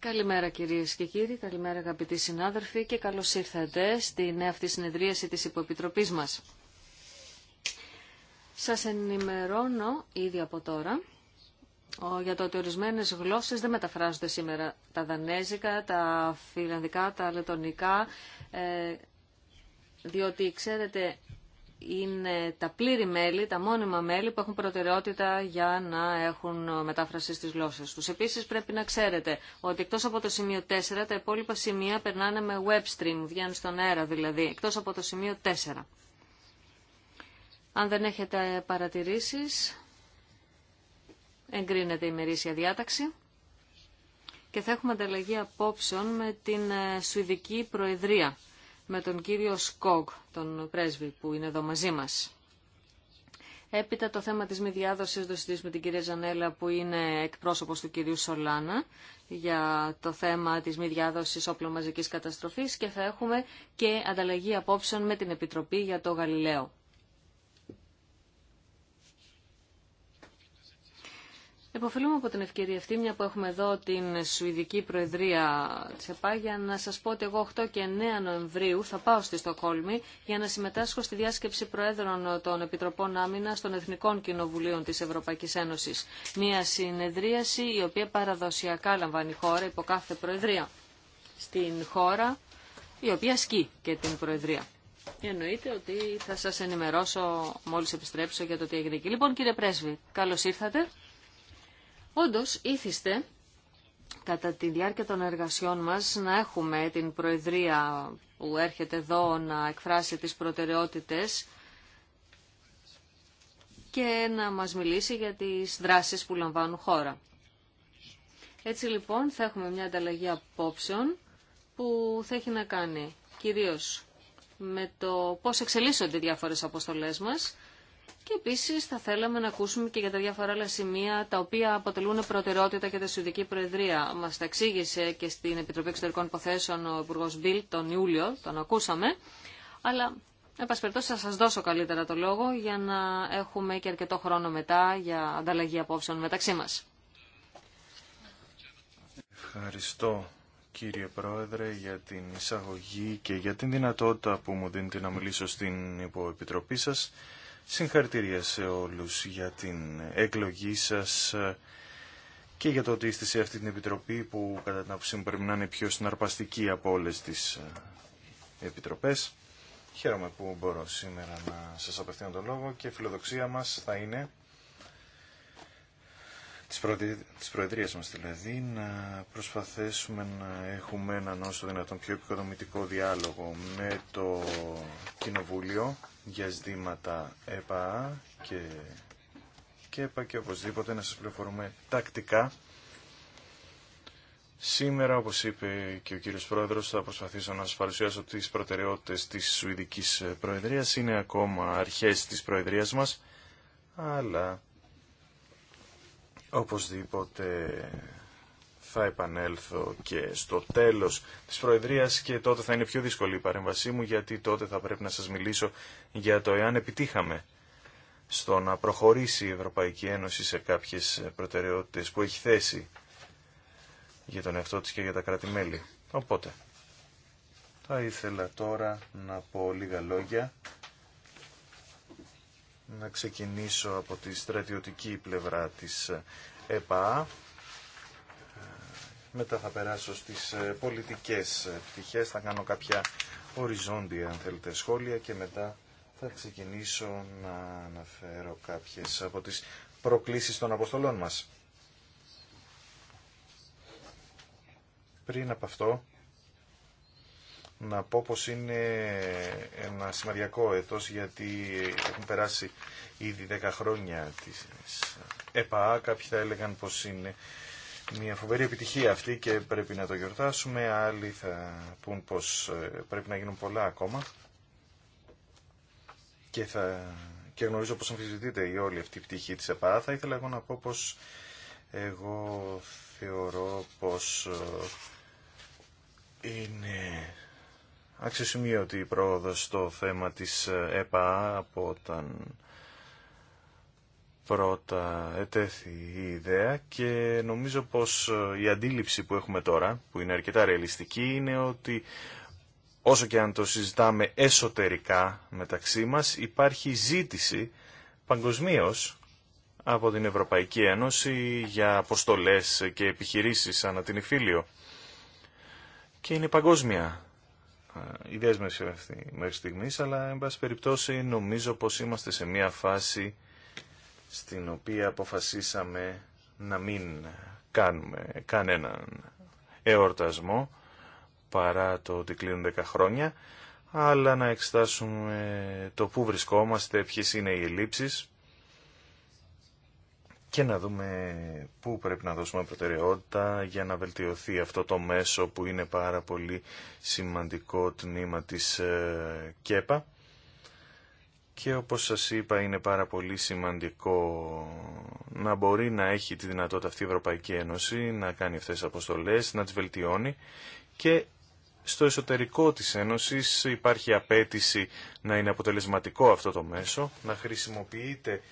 Καλημέρα κύριε και κύριοι, καλημέρα αγαπητοί συνάδελφοι και καλώ ήρθατε στην αυτή συνεδρίαση της Υποεπιτροπή μας. Σας ενημερώνω ήδη από τώρα για το ότι ορισμένε γλώσσε δεν μεταφράζονται σήμερα. Τα δανέζικα, τα φιλανδικά, τα λετωνικά. Ε, διότι ξέρετε είναι τα πλήρη μέλη, τα μόνιμα μέλη που έχουν προτεραιότητα για να έχουν μετάφραση στις γλώσσες τους. Επίσης πρέπει να ξέρετε ότι εκτός από το σημείο 4 τα υπόλοιπα σημεία περνάνε με web stream, βγαίνουν στον αέρα δηλαδή, εκτός από το σημείο 4. Αν δεν έχετε παρατηρήσεις, εγκρίνεται η μερίσια διάταξη και θα έχουμε ανταλλαγή απόψεων με την ε, Σουηδική Προεδρία με τον κύριο Σκογ, τον πρέσβη που είναι εδώ μαζί μας. Έπειτα το θέμα της μη διάδοσης το συζητήσουμε την κυρία Ζανέλα που είναι εκπρόσωπος του κυρίου Σολάνα για το θέμα της μη διάδοσης όπλων μαζικής καταστροφής και θα έχουμε και ανταλλαγή απόψεων με την Επιτροπή για το Γαλιλαίο. Εποφελούμε από την ευκαιρία αυτή, μια που έχουμε εδώ την Σουηδική Προεδρία της ΕΠΑ, για να σας πω ότι εγώ 8 και 9 Νοεμβρίου θα πάω στη Στοκόλμη για να συμμετάσχω στη διάσκεψη Προέδρων των Επιτροπών Άμυνα των Εθνικών Κοινοβουλίων της Ευρωπαϊκής Ένωσης. Μια συνεδρίαση η οποία παραδοσιακά λαμβάνει χώρα υπό κάθε Προεδρία. Στην χώρα η οποία σκεί και την Προεδρία. Εννοείται ότι θα σας ενημερώσω μόλις επιστρέψω για το τι έγινε εκεί. Λοιπόν κύριε Πρέσβη, καλώς ήρθατε. Όντως, ήθιστε κατά τη διάρκεια των εργασιών μας να έχουμε την Προεδρία που έρχεται εδώ να εκφράσει τις προτεραιότητες και να μας μιλήσει για τις δράσεις που λαμβάνουν χώρα. Έτσι λοιπόν θα έχουμε μια ανταλλαγή απόψεων που θα έχει να κάνει κυρίως με το πώς εξελίσσονται οι διάφορες αποστολές μας και επίση θα θέλαμε να ακούσουμε και για τα διάφορα άλλα σημεία τα οποία αποτελούν προτεραιότητα για τη Σουηδική Προεδρία. Μα τα εξήγησε και στην Επιτροπή Εξωτερικών Υποθέσεων ο Υπουργό Μπιλ τον Ιούλιο, τον ακούσαμε. Αλλά, εν πάση θα σα δώσω καλύτερα το λόγο για να έχουμε και αρκετό χρόνο μετά για ανταλλαγή απόψεων μεταξύ μα. Ευχαριστώ κύριε Πρόεδρε για την εισαγωγή και για την δυνατότητα που μου δίνετε να μιλήσω στην υποεπιτροπή σας. Συγχαρητήρια σε όλους για την εκλογή σας και για το ότι είστε σε αυτή την επιτροπή που κατά την άποψή μου πρέπει να είναι πιο συναρπαστική από όλες τις ε, επιτροπές. Χαίρομαι που μπορώ σήμερα να σας απευθύνω τον λόγο και η φιλοδοξία μας θα είναι της Προεδρίας μας δηλαδή, να προσπαθήσουμε να έχουμε έναν όσο δυνατόν πιο επικοδομητικό διάλογο με το Κοινοβούλιο για ζητήματα ΕΠΑ και ΚΕΠΑ και οπωσδήποτε να σας πληροφορούμε τακτικά. Σήμερα, όπως είπε και ο κύριος Πρόεδρος, θα προσπαθήσω να σας παρουσιάσω τις προτεραιότητες της Σουηδικής Προεδρίας. Είναι ακόμα αρχές της Προεδρίας μας, αλλά οπωσδήποτε θα επανέλθω και στο τέλος της Προεδρίας και τότε θα είναι πιο δύσκολη η παρέμβασή μου γιατί τότε θα πρέπει να σας μιλήσω για το εάν επιτύχαμε στο να προχωρήσει η Ευρωπαϊκή Ένωση σε κάποιες προτεραιότητες που έχει θέσει για τον εαυτό της και για τα κράτη-μέλη. Οπότε, θα ήθελα τώρα να πω λίγα λόγια, να ξεκινήσω από τη στρατιωτική πλευρά της ΕΠΑ μετά θα περάσω στις ε, πολιτικές ε, πτυχές, θα κάνω κάποια οριζόντια αν θέλετε σχόλια και μετά θα ξεκινήσω να αναφέρω κάποιες από τις προκλήσεις των αποστολών μας. Πριν από αυτό, να πω πως είναι ένα σημαντικό έτος γιατί έχουν περάσει ήδη 10 χρόνια της ε, ΕΠΑ. Κάποιοι θα έλεγαν πως είναι μια φοβερή επιτυχία αυτή και πρέπει να το γιορτάσουμε. Άλλοι θα πούν πως ε, πρέπει να γίνουν πολλά ακόμα και, θα... και γνωρίζω πως αμφισβητείται η όλη αυτή η πτυχή της ΕΠΑ. Θα ήθελα εγώ να πω πως εγώ θεωρώ πως ε, είναι αξιοσημείωτη η πρόοδος στο θέμα της ε, ΕΠΑ από όταν πρώτα ετέθη η ιδέα και νομίζω πως ε, η αντίληψη που έχουμε τώρα, που είναι αρκετά ρεαλιστική, είναι ότι όσο και αν το συζητάμε εσωτερικά μεταξύ μας, υπάρχει ζήτηση παγκοσμίω από την Ευρωπαϊκή Ένωση για αποστολές και επιχειρήσεις ανά την Ιφίλιο. Και είναι παγκόσμια ε, η δέσμευση αυτή μέχρι στιγμής, αλλά εν πάση περιπτώσει νομίζω πως είμαστε σε μια φάση στην οποία αποφασίσαμε να μην κάνουμε κανέναν εορτασμό παρά το ότι κλείνουν 10 χρόνια, αλλά να εξετάσουμε το πού βρισκόμαστε, ποιες είναι οι ελλείψεις και να δούμε πού πρέπει να δώσουμε προτεραιότητα για να βελτιωθεί αυτό το μέσο που είναι πάρα πολύ σημαντικό τμήμα της ε, ΚΕΠΑ και όπως σας είπα είναι πάρα πολύ σημαντικό να μπορεί να έχει τη δυνατότητα αυτή η Ευρωπαϊκή Ένωση να κάνει αυτές τις αποστολές, να τις βελτιώνει και στο εσωτερικό της Ένωσης υπάρχει απέτηση να είναι αποτελεσματικό αυτό το μέσο, να χρησιμοποιείται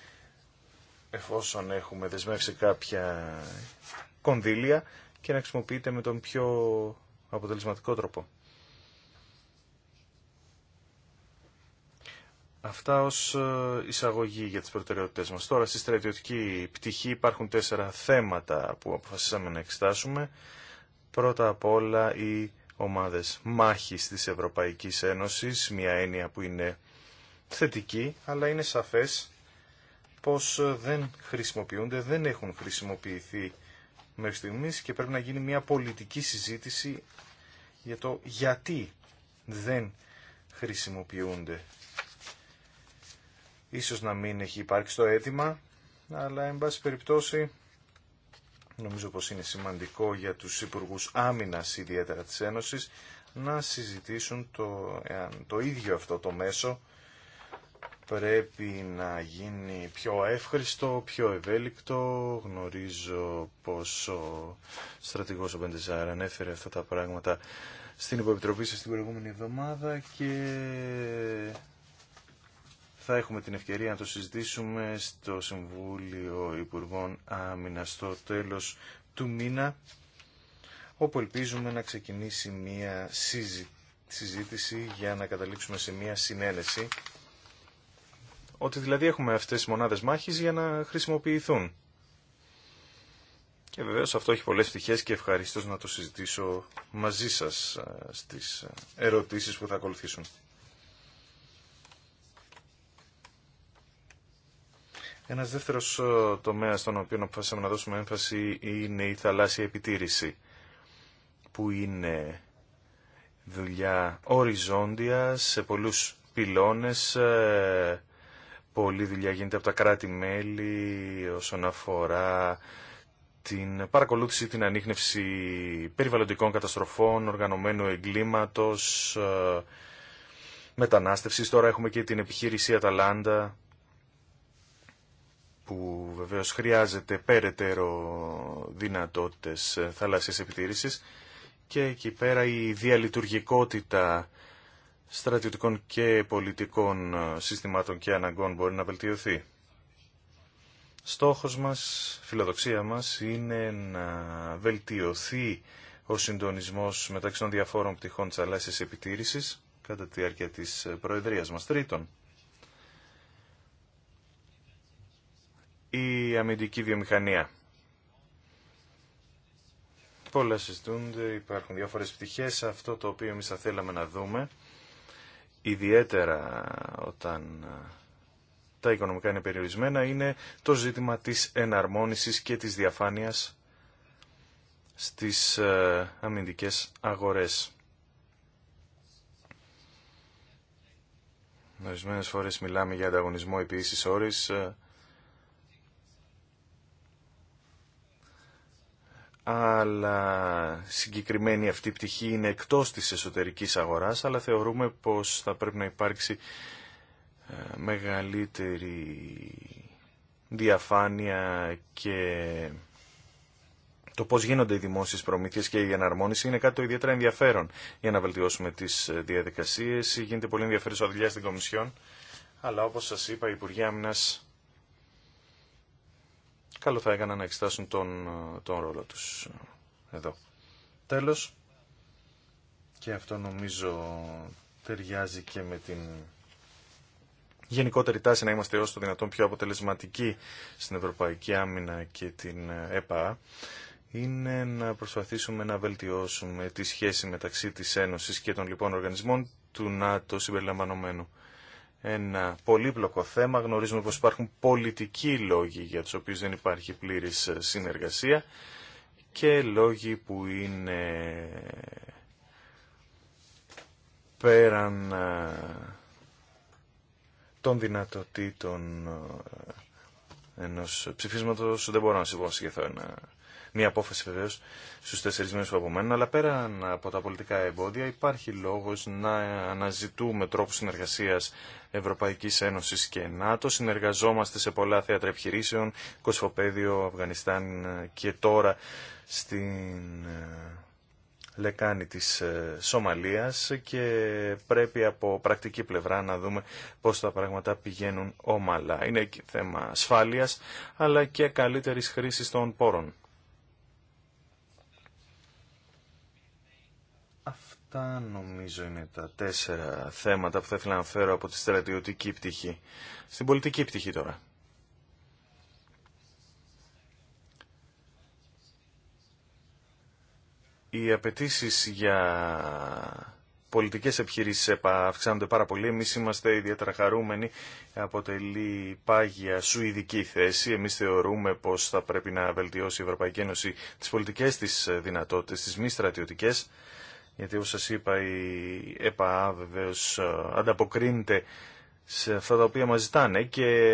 εφόσον έχουμε δεσμεύσει κάποια κονδύλια και να χρησιμοποιείται με τον πιο αποτελεσματικό τρόπο. Αυτά ω ε, εισαγωγή για τις προτεραιότητε μα. Τώρα στη στρατιωτική πτυχή υπάρχουν τέσσερα θέματα που αποφασίσαμε να εξετάσουμε. Πρώτα απ' όλα οι ομάδες μάχης της Ευρωπαϊκή Ένωσης, μια έννοια που είναι θετική, αλλά είναι σαφές πως ε, δεν χρησιμοποιούνται, δεν έχουν χρησιμοποιηθεί μέχρι στιγμής και πρέπει να γίνει μια πολιτική συζήτηση για το γιατί δεν χρησιμοποιούνται Ίσως να μην έχει υπάρξει το αίτημα, αλλά εν πάση περιπτώσει νομίζω πως είναι σημαντικό για τους Υπουργούς Άμυνας ιδιαίτερα της Ένωσης να συζητήσουν το, το ίδιο αυτό το μέσο πρέπει να γίνει πιο εύχριστο, πιο ευέλικτο. Γνωρίζω πως ο στρατηγός ο Μπεντεζάρ ανέφερε αυτά τα πράγματα στην υποεπιτροπή σας την προηγούμενη εβδομάδα και θα έχουμε την ευκαιρία να το συζητήσουμε στο Συμβούλιο Υπουργών Άμυνα στο τέλος του μήνα, όπου ελπίζουμε να ξεκινήσει μία συζήτηση για να καταλήξουμε σε μία συνένεση, ότι δηλαδή έχουμε αυτές τις μονάδες μάχης για να χρησιμοποιηθούν. Και βεβαίως αυτό έχει πολλές πτυχές και ευχαριστώ να το συζητήσω μαζί σας ε, στις ε, ερωτήσεις που θα ακολουθήσουν. Ένας δεύτερος ε, τομέας στον οποίο αποφάσισαμε να δώσουμε έμφαση είναι η θαλάσσια επιτήρηση, που είναι δουλειά οριζόντια σε πολλούς πυλώνες, ε, πολλή δουλειά γίνεται από τα κράτη-μέλη όσον αφορά την παρακολούθηση, την ανείχνευση περιβαλλοντικών καταστροφών, οργανωμένου εγκλήματος, ε, μετανάστευσης. Τώρα έχουμε και την επιχείρηση Αταλάντα που βεβαίως χρειάζεται περαιτέρω δυνατότητες ε, θαλάσσιας επιτήρησης και εκεί πέρα η διαλειτουργικότητα στρατιωτικών και πολιτικών ε, συστημάτων και αναγκών μπορεί να βελτιωθεί. Στόχος μας, φιλοδοξία μας, είναι να βελτιωθεί ο συντονισμός μεταξύ των διαφόρων πτυχών της θαλάσσιας επιτήρησης κατά τη διάρκεια της ε, Προεδρίας μας. Τρίτον, η αμυντική βιομηχανία. Πολλά συζητούνται, υπάρχουν διάφορες πτυχές. Αυτό το οποίο εμείς θα θέλαμε να δούμε, ιδιαίτερα όταν τα οικονομικά είναι περιορισμένα, είναι το ζήτημα της εναρμόνισης και της διαφάνειας στις αμυντικές αγορές. Ορισμένε φορές μιλάμε για ανταγωνισμό επίσης όρης, αλλά συγκεκριμένη αυτή η πτυχή είναι εκτός της εσωτερικής αγοράς, αλλά θεωρούμε πως θα πρέπει να υπάρξει ε, μεγαλύτερη διαφάνεια και το πώς γίνονται οι δημόσιες προμήθειες και η αναρμόνιση είναι κάτι το ιδιαίτερα ενδιαφέρον για να βελτιώσουμε τις ε, διαδικασίες. Γίνεται πολύ ενδιαφέρουσα δουλειά στην Κομισιόν, αλλά όπως σας είπα, η Υπουργή Άμυνας καλό θα έκανα να εξετάσουν τον, τον ρόλο τους εδώ. Τέλος, και αυτό νομίζω ταιριάζει και με την γενικότερη τάση να είμαστε όσο το δυνατόν πιο αποτελεσματικοί στην Ευρωπαϊκή Άμυνα και την ΕΠΑ, είναι να προσπαθήσουμε να βελτιώσουμε τη σχέση μεταξύ της Ένωσης και των λοιπόν οργανισμών του ΝΑΤΟ συμπεριλαμβανομένου ένα πολύπλοκο θέμα. Γνωρίζουμε πως υπάρχουν πολιτικοί λόγοι για τους οποίους δεν υπάρχει πλήρης ε, συνεργασία και λόγοι που είναι πέραν ε, των δυνατοτήτων ε, ενός ψηφίσματος. Δεν μπορώ να αυτό ένα μια απόφαση βεβαίω στου τέσσερι μήνε που απομένουν, αλλά πέραν από τα πολιτικά εμπόδια υπάρχει λόγο να αναζητούμε τρόπου συνεργασία Ευρωπαϊκή Ένωση και ΝΑΤΟ. Συνεργαζόμαστε σε πολλά θέατρα επιχειρήσεων, Κοσφοπέδιο, Αφγανιστάν και τώρα στην ε, λεκάνη της ε, Σομαλίας και πρέπει από πρακτική πλευρά να δούμε πώς τα πράγματα πηγαίνουν ομαλά. Είναι και θέμα ασφάλειας αλλά και καλύτερης χρήσης των πόρων. Αυτά νομίζω είναι τα τέσσερα θέματα που θα ήθελα να φέρω από τη στρατιωτική πτυχή. Στην πολιτική πτυχή τώρα. Οι απαιτήσει για πολιτικές επιχειρήσεις ΕΠΑ αυξάνονται πάρα πολύ. Εμείς είμαστε ιδιαίτερα χαρούμενοι. Αποτελεί πάγια σουηδική θέση. Εμείς θεωρούμε πως θα πρέπει να βελτιώσει η Ευρωπαϊκή Ένωση τις πολιτικές της δυνατότητες, τις μη στρατιωτικές γιατί όπως σας είπα η ΕΠΑ βεβαίως ε, ανταποκρίνεται σε αυτά τα οποία μας ζητάνε και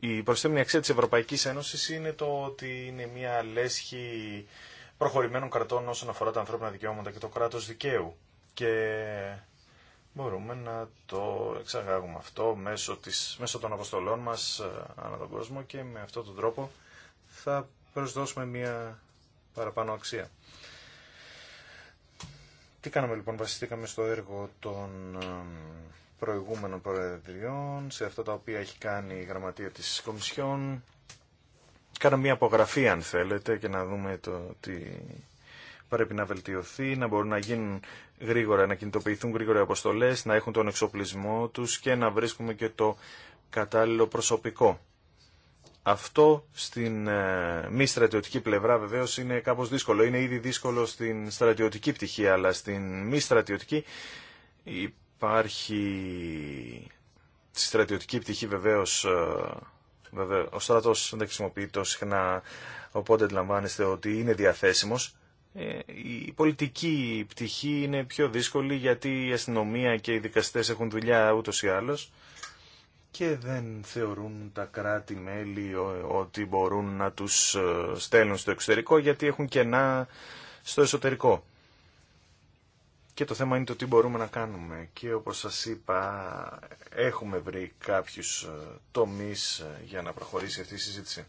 η προσθέμενη αξία της Ευρωπαϊκής Ένωσης είναι το ότι είναι μια λέσχη προχωρημένων κρατών όσον αφορά τα ανθρώπινα δικαιώματα και το κράτος δικαίου. Και μπορούμε να το εξαγάγουμε αυτό μέσω, της, μέσω των αποστολών μας ε, ανά τον κόσμο και με αυτόν τον τρόπο θα προσδώσουμε μια παραπάνω αξία. Τι κάναμε λοιπόν, βασιστήκαμε στο έργο των προηγούμενων προεδριών, σε αυτά τα οποία έχει κάνει η γραμματεία της Κομισιόν. Κάναμε μια απογραφή αν θέλετε και να δούμε το τι πρέπει να βελτιωθεί, να μπορούν να γίνουν γρήγορα, να κινητοποιηθούν γρήγορα οι αποστολές, να έχουν τον εξοπλισμό τους και να βρίσκουμε και το κατάλληλο προσωπικό. Αυτό στην ε, μη στρατιωτική πλευρά βεβαίω είναι κάπω δύσκολο. Είναι ήδη δύσκολο στην στρατιωτική πτυχή, αλλά στην μη στρατιωτική υπάρχει... Στη στρατιωτική πτυχή βεβαίω, ε, βεβαίως ο στρατό δεν χρησιμοποιεί το συχνά, οπότε αντιλαμβάνεστε ότι είναι διαθέσιμος. Ε, η πολιτική πτυχή είναι πιο δύσκολη γιατί η αστυνομία και οι δικαστές έχουν δουλειά ούτως ή άλλως και δεν θεωρούν τα κράτη-μέλη ότι μπορούν να τους ε, στέλνουν στο εξωτερικό γιατί έχουν κενά στο εσωτερικό. Και το θέμα είναι το τι μπορούμε να κάνουμε. Και όπως σας είπα, έχουμε βρει κάποιους ε, τομείς ε, για να προχωρήσει αυτή η συζήτηση.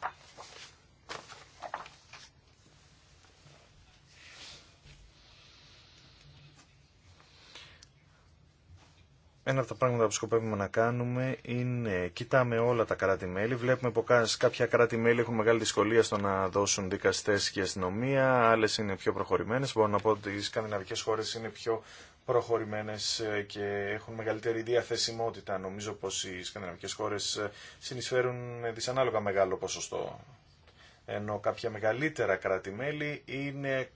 ένα από τα πράγματα που σκοπεύουμε να κάνουμε είναι κοιτάμε όλα τα κράτη-μέλη. Βλέπουμε πω κάποια κράτη-μέλη έχουν μεγάλη δυσκολία στο να δώσουν δικαστέ και αστυνομία, άλλε είναι πιο προχωρημένε. Μπορώ να πω ότι οι σκανδιναβικέ χώρε είναι πιο προχωρημένε ε, και έχουν μεγαλύτερη διαθεσιμότητα. Νομίζω πω οι σκανδιναβικέ χώρε ε, συνεισφέρουν δυσανάλογα μεγάλο ποσοστό. Ενώ κάποια μεγαλύτερα κράτη-μέλη είναι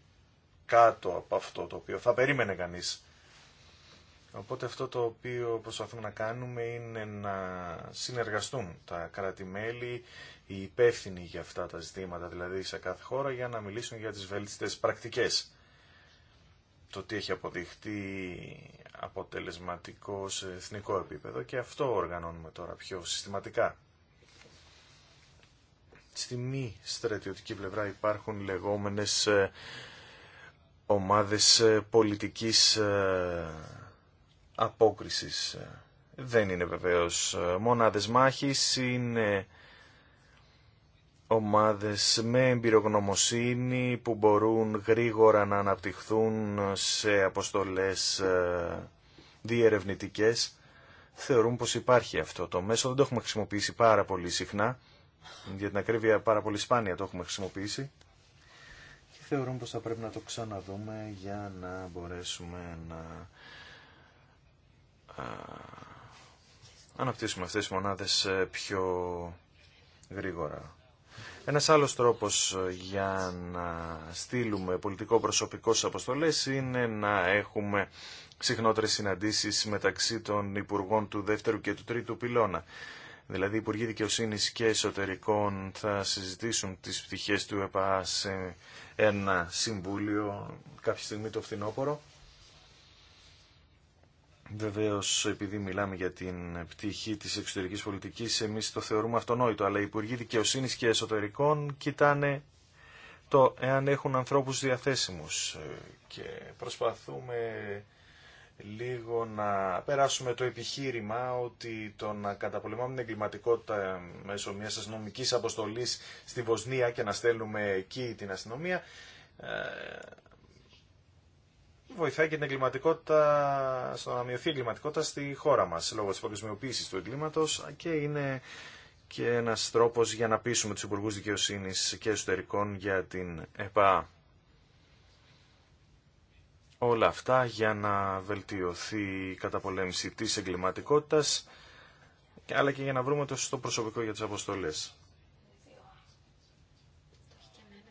κάτω από αυτό το οποίο θα περίμενε κανείς Οπότε αυτό το οποίο προσπαθούμε να κάνουμε είναι να συνεργαστούν τα κράτη-μέλη, οι υπεύθυνοι για αυτά τα ζητήματα, δηλαδή σε κάθε χώρα, για να μιλήσουν για τις βέλτιστες πρακτικές. Το τι έχει αποδειχτεί αποτελεσματικό σε εθνικό επίπεδο και αυτό οργανώνουμε τώρα πιο συστηματικά. Στη μη στρατιωτική πλευρά υπάρχουν λεγόμενες ε, ομάδες ε, πολιτικής ε, απόκρισης. Δεν είναι βεβαίως ε, μονάδες μάχης, είναι ομάδες με εμπειρογνωμοσύνη που μπορούν γρήγορα να αναπτυχθούν σε αποστολές ε, διερευνητικές. Θεωρούν πως υπάρχει αυτό το μέσο, δεν το έχουμε χρησιμοποιήσει πάρα πολύ συχνά, για την ακρίβεια πάρα πολύ σπάνια το έχουμε χρησιμοποιήσει και θεωρούν πως θα πρέπει να το ξαναδούμε για να μπορέσουμε να αναπτύσσουμε αυτές τις μονάδες ε, πιο γρήγορα. Ένας άλλος τρόπος ε, για να στείλουμε πολιτικό προσωπικό στις αποστολές είναι να έχουμε συχνότερες συναντήσεις μεταξύ των Υπουργών του Δεύτερου και του Τρίτου Πυλώνα. Δηλαδή οι Υπουργοί Δικαιοσύνης και Εσωτερικών θα συζητήσουν τις πτυχές του ΕΠΑ σε ένα συμβούλιο κάποια στιγμή το φθινόπωρο Βεβαίω, επειδή μιλάμε για την πτυχή τη εξωτερική πολιτική, εμεί το θεωρούμε αυτονόητο, αλλά οι Υπουργοί δικαιοσύνη και Εσωτερικών κοιτάνε το εάν έχουν ανθρώπου διαθέσιμου. Ε, και προσπαθούμε λίγο να περάσουμε το επιχείρημα ότι το να καταπολεμάμε την εγκληματικότητα μέσω μια αστυνομική αποστολή στη Βοσνία και να στέλνουμε εκεί την αστυνομία ε, βοηθάει και την εγκληματικότητα, στο να μειωθεί η εγκληματικότητα στη χώρα μας λόγω της παγκοσμιοποίησης του εγκλήματος και είναι και ένα τρόπο για να πείσουμε του Υπουργού Δικαιοσύνη και Εσωτερικών για την ΕΠΑ. Όλα αυτά για να βελτιωθεί η καταπολέμηση της εγκληματικότητας αλλά και για να βρούμε το σωστό προσωπικό για τις αποστολές.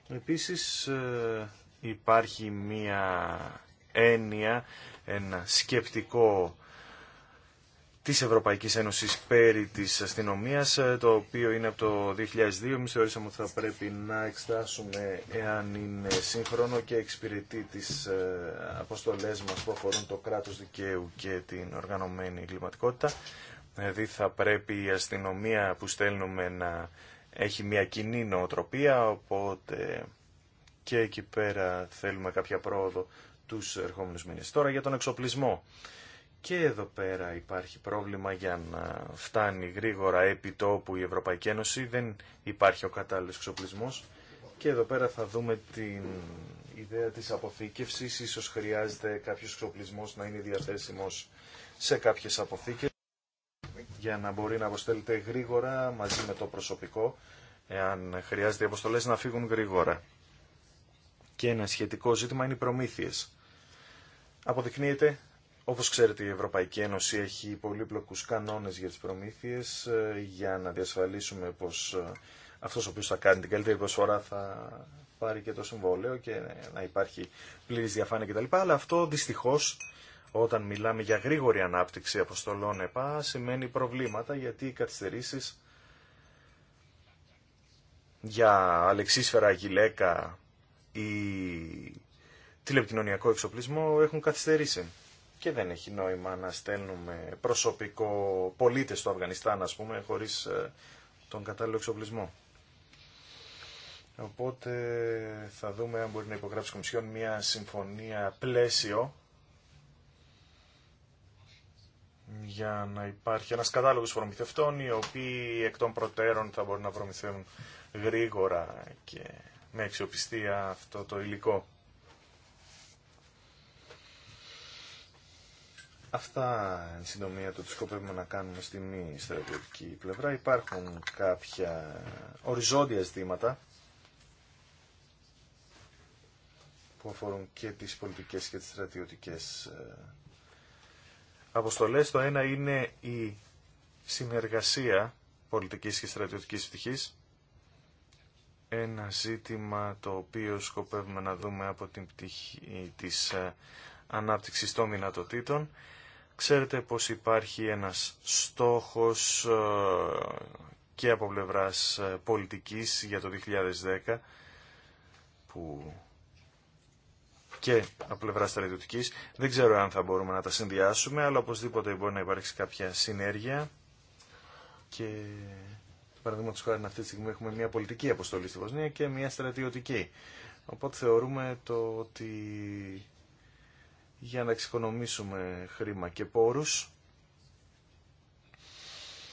Επίσης ε, υπάρχει μία έννοια, ένα σκεπτικό της Ευρωπαϊκής Ένωσης πέρι της αστυνομίας, ε, το οποίο είναι από το 2002. Εμείς θεωρήσαμε ότι θα πρέπει να εξτάσουμε εάν είναι σύγχρονο και εξυπηρετεί τις ε, αποστολές μας που αφορούν το κράτος δικαίου και την οργανωμένη εγκληματικότητα. Δηλαδή θα πρέπει η αστυνομία που στέλνουμε να έχει μια κοινή νοοτροπία, οπότε και εκεί πέρα θέλουμε κάποια πρόοδο του ερχόμενου μήνε. Τώρα για τον εξοπλισμό. Και εδώ πέρα υπάρχει πρόβλημα για να φτάνει γρήγορα επί τόπου η Ευρωπαϊκή Ένωση. Δεν υπάρχει ο κατάλληλο εξοπλισμό. Και εδώ πέρα θα δούμε την ιδέα της αποθήκευση, Ίσως χρειάζεται κάποιο εξοπλισμό να είναι διαθέσιμος σε κάποιες αποθήκες για να μπορεί να αποστέλλεται γρήγορα μαζί με το προσωπικό εάν χρειάζεται οι αποστολές να φύγουν γρήγορα. Και ένα σχετικό ζήτημα είναι οι προμήθειες. Αποδεικνύεται, όπως ξέρετε η Ευρωπαϊκή Ένωση έχει πολύπλοκους κανόνες για τις προμήθειες ε, για να διασφαλίσουμε πως ε, αυτός ο οποίος θα κάνει την καλύτερη προσφορά θα πάρει και το συμβόλαιο και να υπάρχει πλήρης διαφάνεια κτλ. Αλλά αυτό δυστυχώς όταν μιλάμε για γρήγορη ανάπτυξη αποστολών ΕΠΑ σημαίνει προβλήματα γιατί οι καθυστερήσεις για αλεξίσφαιρα γυλαίκα ή τηλεπικοινωνιακό εξοπλισμό έχουν καθυστερήσει. Και δεν έχει νόημα να στέλνουμε προσωπικό πολίτε στο Αφγανιστάν, α πούμε, χωρίς ε, τον κατάλληλο εξοπλισμό. Οπότε θα δούμε αν μπορεί να υπογράψει η Κομισιόν μια συμφωνία πλαίσιο για να υπάρχει ένας κατάλογος προμηθευτών οι οποίοι εκ των προτέρων θα μπορούν να προμηθεύουν γρήγορα και με αξιοπιστία αυτό το υλικό. Αυτά εν συντομία το τι σκοπεύουμε να κάνουμε στη μη στρατιωτική πλευρά. Υπάρχουν κάποια οριζόντια ζητήματα που αφορούν και τις πολιτικές και τις στρατιωτικές ε, αποστολές. Το ένα είναι η συνεργασία πολιτικής και στρατιωτικής πτυχής. Ένα ζήτημα το οποίο σκοπεύουμε να δούμε από την πτυχή της ε, ανάπτυξης των δυνατοτήτων Ξέρετε πως υπάρχει ένας στόχος ε, και από πλευράς ε, πολιτικής για το 2010 που και από πλευρά στρατιωτική. Δεν ξέρω αν θα μπορούμε να τα συνδυάσουμε, αλλά οπωσδήποτε μπορεί να υπάρξει κάποια συνέργεια. Και παραδείγματο χάρη, αυτή τη στιγμή έχουμε μια πολιτική αποστολή στη Βοσνία και μια στρατιωτική. Οπότε θεωρούμε το ότι για να εξοικονομήσουμε χρήμα και πόρους.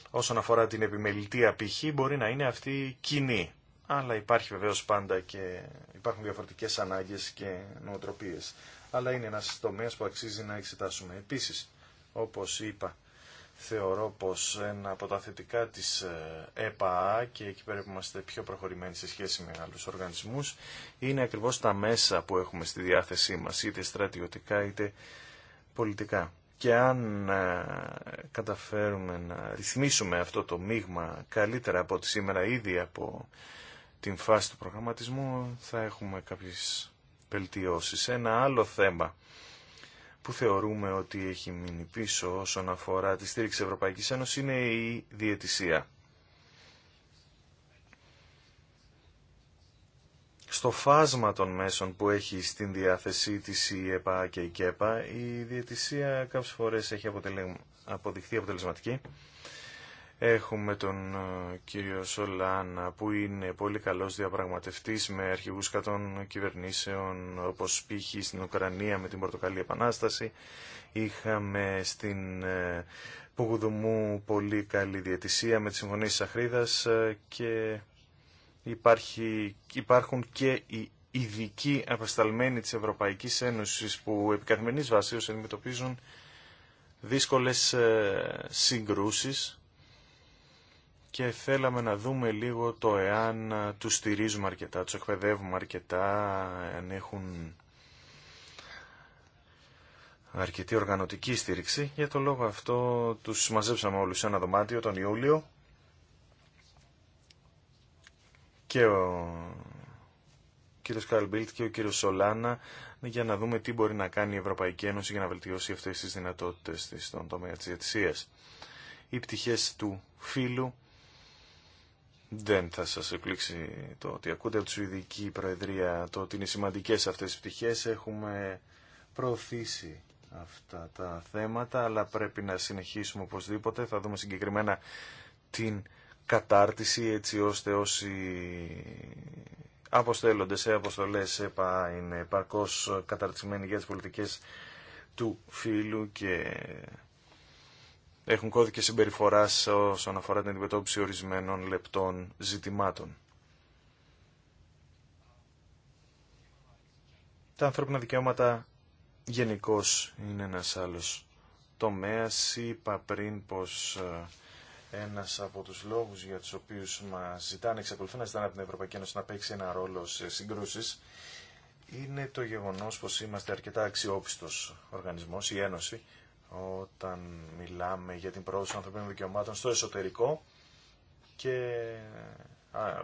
Όσον αφορά την επιμελητία π.χ. μπορεί να είναι αυτή κοινή. Αλλά υπάρχει βεβαίως πάντα και υπάρχουν διαφορετικές ανάγκες και νοοτροπίες. Αλλά είναι ένας τομέας που αξίζει να εξετάσουμε. Επίσης, όπως είπα, θεωρώ πως ένα από τα θετικά της ε, ΕΠΑΑ και εκεί πέρα που είμαστε πιο προχωρημένοι σε σχέση με άλλους οργανισμούς είναι ακριβώς τα μέσα που έχουμε στη διάθεσή μας, είτε στρατιωτικά είτε πολιτικά. Και αν ε, καταφέρουμε να ρυθμίσουμε αυτό το μείγμα καλύτερα από ό,τι σήμερα ήδη από την φάση του προγραμματισμού θα έχουμε κάποιες βελτιώσεις. Ένα άλλο θέμα που θεωρούμε ότι έχει μείνει πίσω όσον αφορά τη στήριξη Ευρωπαϊκής Ένωσης είναι η διαιτησία. Στο φάσμα των μέσων που έχει στην διάθεσή της η ΕΠΑ και η ΚΕΠΑ, η διαιτησία κάποιες φορές έχει αποτελε... αποδειχθεί αποτελεσματική Έχουμε τον ε, κύριο Σολάνα που είναι πολύ καλός διαπραγματευτής με αρχηγούς κατών κυβερνήσεων όπως π.χ. στην Ουκρανία με την Πορτοκαλή Επανάσταση. Είχαμε στην ε, Πουγουδουμού πολύ καλή διατησία με τις συμφωνίες της Αχρίδας ε, και υπάρχει, υπάρχουν και οι ειδικοί απεσταλμένοι της Ευρωπαϊκής Ένωσης που επί καθημερινής βασίως αντιμετωπίζουν δύσκολες συγκρούσεις και θέλαμε να δούμε λίγο το εάν ε, τους στηρίζουμε αρκετά, τους εκπαιδεύουμε αρκετά, αν έχουν αρκετή οργανωτική στήριξη. Για τον λόγο αυτό τους μαζέψαμε όλους σε ένα δωμάτιο τον Ιούλιο και ο κύριος Καλμπίλτ και ο κύριος Σολάνα για να δούμε τι μπορεί να κάνει η Ευρωπαϊκή Ένωση για να βελτιώσει αυτές τις δυνατότητες στον τομέα της διατησίας. Οι πτυχές του φίλου. Δεν θα σας εκπλήξει το ότι ακούτε από τη Σουηδική Προεδρία το ότι είναι σημαντικές αυτές οι πτυχές. Έχουμε προωθήσει αυτά τα θέματα, αλλά πρέπει να συνεχίσουμε οπωσδήποτε. Θα δούμε συγκεκριμένα την κατάρτιση έτσι ώστε όσοι αποστέλλονται σε αποστολές ΕΠΑ είναι παρκώς καταρτισμένοι για τις πολιτικές του φίλου και έχουν κώδικες συμπεριφορά όσον αφορά την αντιμετώπιση ορισμένων λεπτών ζητημάτων. Τα ανθρώπινα δικαιώματα γενικώ είναι ένας άλλο τομέα. Είπα πριν πω ε, ένας από τους λόγους για τους οποίους μα ζητάνε, εξακολουθούν να ζητάνε από την Ευρωπαϊκή Ένωση να παίξει ένα ρόλο σε συγκρούσει, είναι το γεγονός πως είμαστε αρκετά αξιόπιστο οργανισμό η Ένωση, όταν μιλάμε για την πρόοδο των ανθρωπίνων δικαιωμάτων στο εσωτερικό και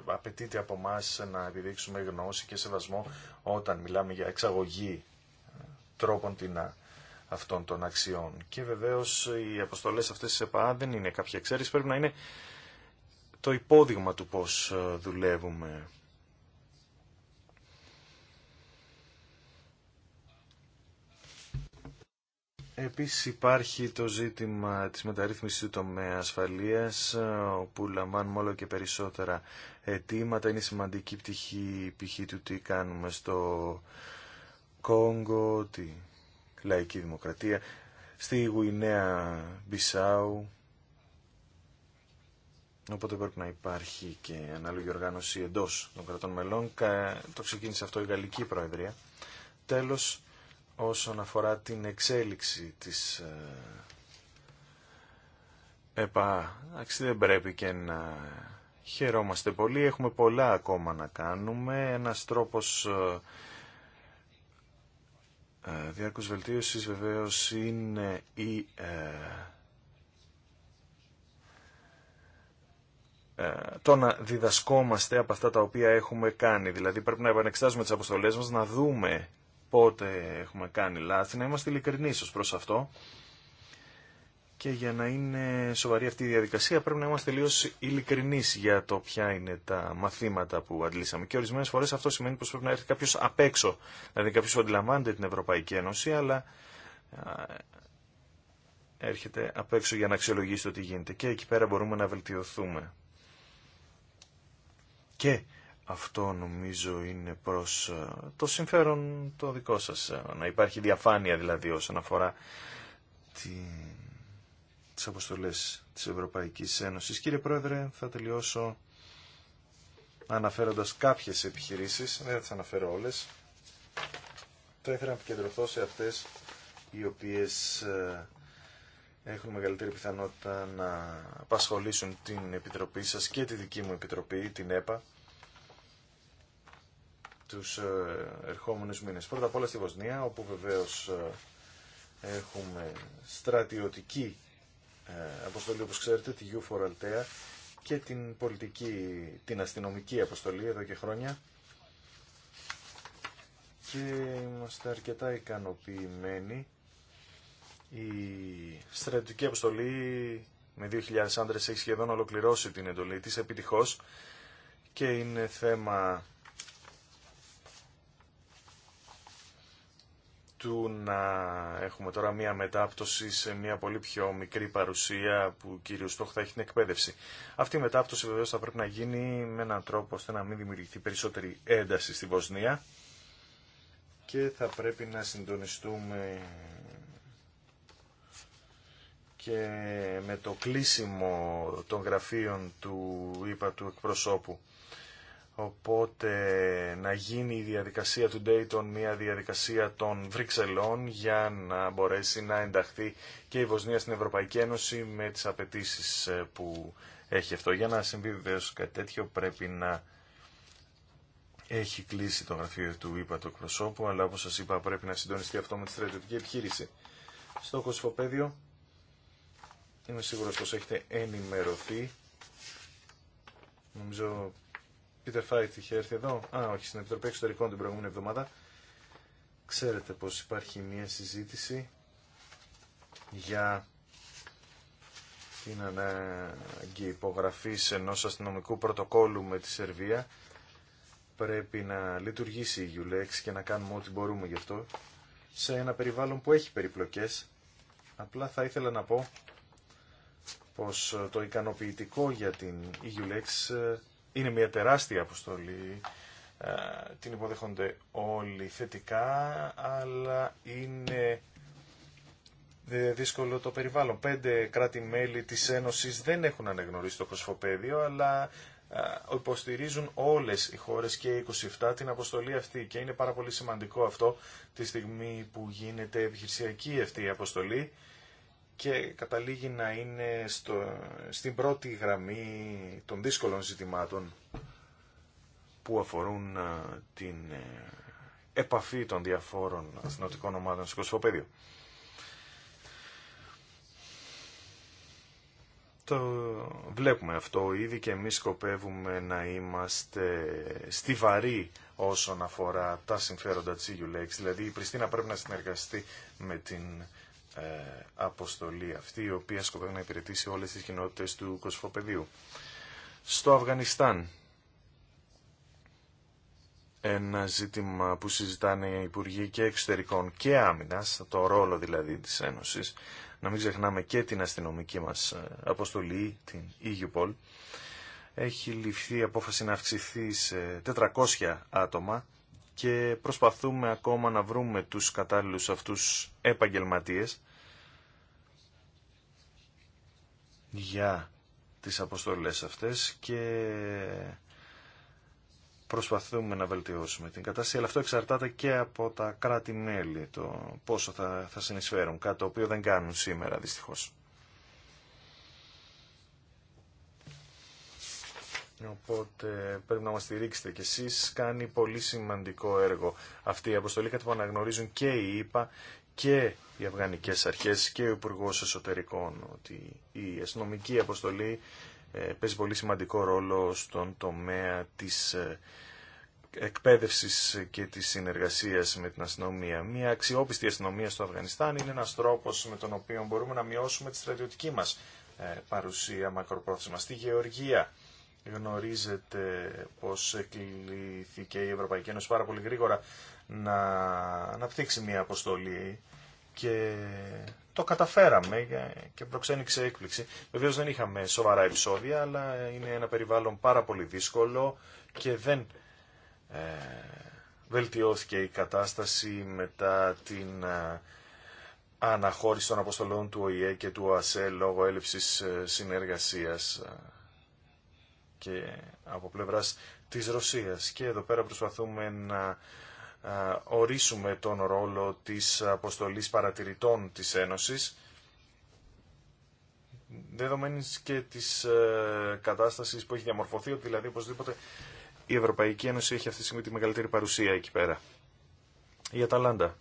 απαιτείται από εμά να επιδείξουμε γνώση και σεβασμό όταν μιλάμε για εξαγωγή ε, τρόπων την αυτών των αξιών. Και βεβαίως οι αποστολές αυτές της ΕΠΑ δεν είναι κάποια εξαίρεση, πρέπει να είναι το υπόδειγμα του πώς ε, δουλεύουμε. Επίσης υπάρχει το ζήτημα της μεταρρύθμισης του τομέα ασφαλείας, ε, όπου λαμβάνουμε όλο και περισσότερα αιτήματα. Είναι σημαντική πτυχή, πτυχή του τι κάνουμε στο Κόγκο, τη Λαϊκή Δημοκρατία, στη Γουινέα Μπισάου. Οπότε πρέπει να υπάρχει και ανάλογη οργάνωση εντός των κρατών μελών. Το ξεκίνησε αυτό η Γαλλική Προεδρία. Τέλος, όσον αφορά την εξέλιξη της ε, ΕΠΑ. Δεν πρέπει και να χαιρόμαστε πολύ. Έχουμε πολλά ακόμα να κάνουμε. Ένας τρόπος ε, ε, διάρκους βελτίωσης βεβαίως είναι η το να διδασκόμαστε από αυτά τα οποία έχουμε κάνει. Δηλαδή πρέπει να επανεξετάζουμε τις αποστολές μας, να δούμε πότε έχουμε κάνει λάθη, να είμαστε ειλικρινεί ω προ αυτό. Και για να είναι σοβαρή αυτή η διαδικασία πρέπει να είμαστε τελείω ειλικρινεί για το ποια είναι τα μαθήματα που αντλήσαμε. Και ορισμένε φορέ αυτό σημαίνει πω πρέπει να έρθει κάποιο απ' έξω. Δηλαδή κάποιο που αντιλαμβάνεται την Ευρωπαϊκή Ένωση, αλλά έρχεται απ' έξω για να αξιολογήσει το τι γίνεται. Και εκεί πέρα μπορούμε να βελτιωθούμε. Και αυτό νομίζω είναι προς ε, το συμφέρον το δικό σας. Ε, να υπάρχει διαφάνεια δηλαδή όσον αφορά τη... τις αποστολές της Ευρωπαϊκής Ένωσης. Κύριε Πρόεδρε, θα τελειώσω αναφέροντας κάποιες επιχειρήσεις, δεν θα τις αναφέρω όλες. Θα ήθελα να επικεντρωθώ σε αυτές οι οποίες ε, έχουν μεγαλύτερη πιθανότητα να απασχολήσουν την Επιτροπή σας και τη δική μου Επιτροπή, την ΕΠΑ τους ε, ερχόμενους μήνες. Πρώτα απ' όλα στη Βοσνία, όπου βεβαίως ε, έχουμε στρατιωτική ε, αποστολή, όπως ξέρετε, τη U4 Altea και την πολιτική, την αστυνομική αποστολή εδώ και χρόνια. Και είμαστε αρκετά ικανοποιημένοι. Η στρατιωτική αποστολή με 2.000 άντρες έχει σχεδόν ολοκληρώσει την εντολή της επιτυχώς και είναι θέμα του να έχουμε τώρα μία μετάπτωση σε μία πολύ πιο μικρή παρουσία που κυρίως στόχο θα έχει την εκπαίδευση. Αυτή η μετάπτωση βεβαίω θα πρέπει να γίνει με έναν τρόπο ώστε να μην δημιουργηθεί περισσότερη ένταση στη Βοσνία και θα πρέπει να συντονιστούμε και με το κλείσιμο των γραφείων του είπα του εκπροσώπου Οπότε να γίνει η διαδικασία του Dayton μια διαδικασία των Βρυξελών για να μπορέσει να ενταχθεί και η Βοσνία στην Ευρωπαϊκή Ένωση με τις απαιτήσει ε, που έχει αυτό. Για να συμβεί βεβαίως κάτι τέτοιο πρέπει να έχει κλείσει το γραφείο του ΙΠΑ του αλλά όπως σας είπα πρέπει να συντονιστεί αυτό με τη στρατιωτική επιχείρηση. Στο κοσφοπέδιο είμαι σίγουρος πως έχετε ενημερωθεί. Νομίζω Πίτερ Φράιτ είχε έρθει εδώ. Α, όχι, στην Επιτροπή Εξωτερικών την προηγούμενη εβδομάδα. Ξέρετε πως υπάρχει μια συζήτηση για την ανάγκη υπογραφή ενό αστυνομικού πρωτόκολλου με τη Σερβία. Πρέπει να λειτουργήσει η Γιουλέξ και να κάνουμε ό,τι μπορούμε γι' αυτό σε ένα περιβάλλον που έχει περιπλοκές. Απλά θα ήθελα να πω πως το ικανοποιητικό για την EULEX είναι μια τεράστια αποστολή, ε, την υποδέχονται όλοι θετικά, αλλά είναι ε, δύσκολο το περιβάλλον. Πέντε κράτη-μέλη της Ένωσης δεν έχουν αναγνωρίσει το κοσφοπέδιο, αλλά ε, υποστηρίζουν όλες οι χώρες και οι 27 την αποστολή αυτή και είναι πάρα πολύ σημαντικό αυτό τη στιγμή που γίνεται επιχειρησιακή αυτή η αποστολή και καταλήγει να είναι στο, στην πρώτη γραμμή των δύσκολων ζητημάτων που αφορούν ε, την ε, επαφή των διαφόρων αστυνοτικών ομάδων στο κοσμοπέδιο. Το βλέπουμε αυτό ήδη και εμείς σκοπεύουμε να είμαστε στιβαροί όσον αφορά τα συμφέροντα της EU Δηλαδή η Πριστίνα πρέπει να συνεργαστεί με την ε, αποστολή αυτή, η οποία σκοπεύει να υπηρετήσει όλες τις κοινότητες του κοσφοπεδίου. Στο Αφγανιστάν, ένα ζήτημα που συζητάνε οι Υπουργοί και Εξωτερικών και Άμυνας, το ρόλο δηλαδή της Ένωσης, να μην ξεχνάμε και την αστυνομική μας ε, αποστολή, την EUPOL, έχει ληφθεί η απόφαση να αυξηθεί σε 400 άτομα και προσπαθούμε ακόμα να βρούμε τους κατάλληλους αυτούς επαγγελματίες για τις αποστολές αυτές και προσπαθούμε να βελτιώσουμε την κατάσταση, αλλά αυτό εξαρτάται και από τα κράτη-μέλη, το πόσο θα, θα συνεισφέρουν, κάτι το οποίο δεν κάνουν σήμερα δυστυχώς. Οπότε πρέπει να μας στηρίξετε και εσείς κάνει πολύ σημαντικό έργο αυτή η αποστολή, κάτι που αναγνωρίζουν και οι ΙΠΑ και οι Αφγανικές Αρχές και ο Υπουργό Εσωτερικών ότι η αστυνομική αποστολή ε, παίζει πολύ σημαντικό ρόλο στον τομέα της ε, εκπαίδευσης και της συνεργασίας με την αστυνομία. Μια αξιόπιστη αστυνομία στο Αφγανιστάν είναι ένας τρόπος με τον οποίο μπορούμε να μειώσουμε τη στρατιωτική μας ε, παρουσία μακροπρόθεσμα. Στη Γεωργία γνωρίζετε πως εκλήθηκε η Ευρωπαϊκή Ένωση πάρα πολύ γρήγορα να αναπτύξει μια αποστολή και το καταφέραμε και προξένηξε έκπληξη. Βεβαίως δεν είχαμε σοβαρά επεισόδια, αλλά είναι ένα περιβάλλον πάρα πολύ δύσκολο και δεν ε, βελτιώθηκε η κατάσταση μετά την ε, αναχώρηση των αποστολών του ΟΗΕ και του ΟΑΣΕ λόγω έλλειψης ε, συνεργασίας και από πλευράς της Ρωσίας. Και εδώ πέρα προσπαθούμε να ορίσουμε τον ρόλο της αποστολής παρατηρητών της Ένωσης δεδομένης και της ε, κατάστασης που έχει διαμορφωθεί ότι δηλαδή οπωσδήποτε η Ευρωπαϊκή Ένωση έχει αυτή τη στιγμή τη μεγαλύτερη παρουσία εκεί πέρα. Η Αταλάντα,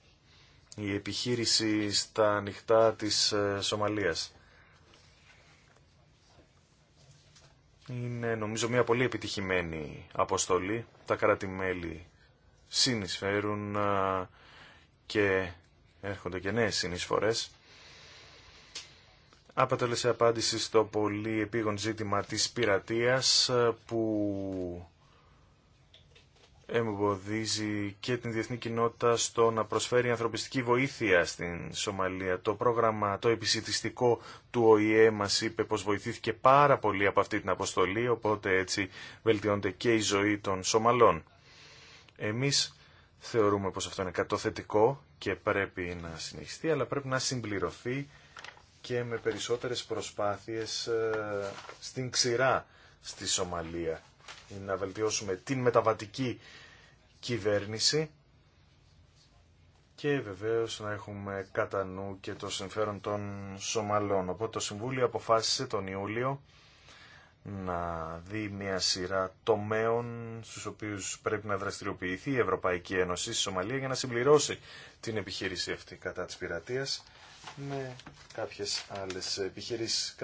η επιχείρηση στα ανοιχτά της ε, Σομαλίας. Είναι νομίζω μια πολύ επιτυχημένη αποστολή. Τα κράτη-μέλη συνεισφέρουν και έρχονται και νέες συνεισφορές. Άπατελεσε απάντηση στο πολύ επίγον ζήτημα της πειρατείας που εμποδίζει και την διεθνή κοινότητα στο να προσφέρει ανθρωπιστική βοήθεια στην Σομαλία. Το πρόγραμμα, το επισητιστικό του ΟΗΕ μας είπε πως βοηθήθηκε πάρα πολύ από αυτή την αποστολή, οπότε έτσι βελτιώνεται και η ζωή των Σομαλών. Εμείς θεωρούμε πως αυτό είναι κατοθετικό και πρέπει να συνεχιστεί, αλλά πρέπει να συμπληρωθεί και με περισσότερες προσπάθειες ε, στην ξηρά στη Σομαλία. Να βελτιώσουμε την μεταβατική κυβέρνηση και βεβαίως να έχουμε κατά νου και το συμφέρον των Σομαλών. Οπότε το Συμβούλιο αποφάσισε τον Ιούλιο να δει μια σειρά τομέων στους οποίους πρέπει να δραστηριοποιηθεί η Ευρωπαϊκή Ένωση στη Σομαλία για να συμπληρώσει την επιχείρηση αυτή κατά της πειρατείας με κάποιες άλλες επιχειρήσεις.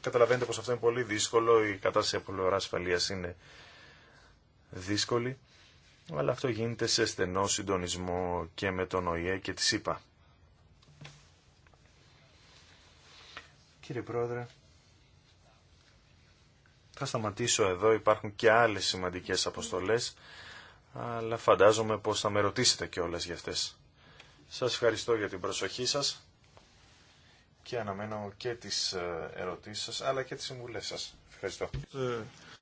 Καταλαβαίνετε πως αυτό είναι πολύ δύσκολο, η κατάσταση λεωρά ασφαλείας είναι δύσκολη, αλλά αυτό γίνεται σε στενό συντονισμό και με τον ΟΗΕ και τη ΣΥΠΑ. Κύριε Πρόεδρε, θα σταματήσω εδώ, υπάρχουν και άλλες σημαντικές αποστολές, αλλά φαντάζομαι πως θα με ρωτήσετε και όλες για αυτές. Σας ευχαριστώ για την προσοχή σας και αναμένω και τις ε, ερωτήσεις σας, αλλά και τις συμβουλές σας. Ευχαριστώ.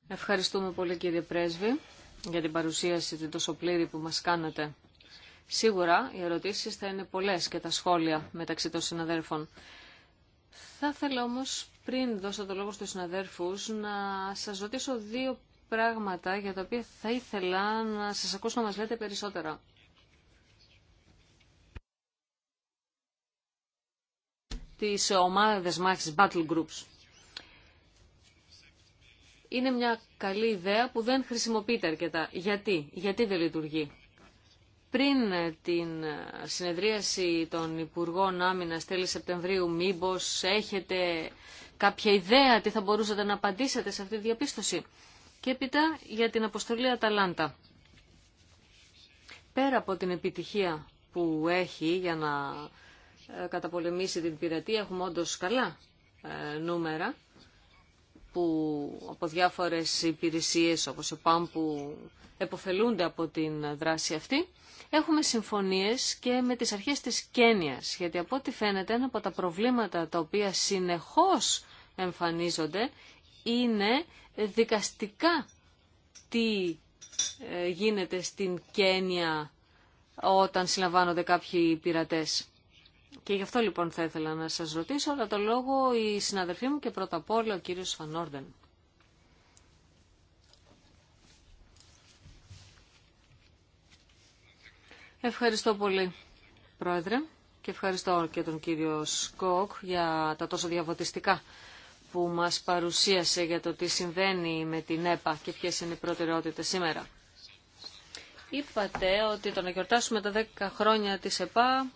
Ευχαριστούμε πολύ κύριε Πρέσβη για την παρουσίαση την τόσο πλήρη που μας κάνατε. Σίγουρα οι ερωτήσεις θα είναι πολλές και τα σχόλια μεταξύ των συναδέρφων. Θα ήθελα όμως πριν δώσω το λόγο στους συναδέρφους, να σας ρωτήσω δύο πράγματα για τα οποία θα ήθελα να σας ακούσω να μας λέτε περισσότερα. Τις ομάδες μάχης battle groups. Είναι μια καλή ιδέα που δεν χρησιμοποιείται αρκετά. Γιατί, γιατί δεν λειτουργεί. Πριν την συνεδρίαση των Υπουργών Άμυνας τέλη Σεπτεμβρίου, μήπως έχετε κάποια ιδέα τι θα μπορούσατε να απαντήσετε σε αυτή τη διαπίστωση. Και έπειτα για την αποστολή Αταλάντα. Πέρα από την επιτυχία που έχει για να ε, καταπολεμήσει την πειρατεία, έχουμε όντω καλά ε, νούμερα που από διάφορες υπηρεσίες όπως ο ΠΑΜ που εποφελούνται από την δράση αυτή. Έχουμε συμφωνίες και με τις αρχές της Κένιας, γιατί από ό,τι φαίνεται ένα από τα προβλήματα τα οποία συνεχώς εμφανίζονται είναι δικαστικά τι ε, γίνεται στην Κένια όταν συλλαμβάνονται κάποιοι πειρατές. Και γι' αυτό λοιπόν θα ήθελα να σας ρωτήσω, αλλά το λόγο η συναδελφή μου και πρώτα απ' όλα ο κύριος Φανόρδεν. Ευχαριστώ πολύ, Πρόεδρε, και ευχαριστώ και τον κύριο Σκόκ για τα τόσο διαβοτιστικά που μας παρουσίασε για το τι συμβαίνει με την ΕΠΑ και ποιες είναι οι προτεραιότητες σήμερα. Είπατε ότι το να γιορτάσουμε τα 10 χρόνια της ΕΠΑ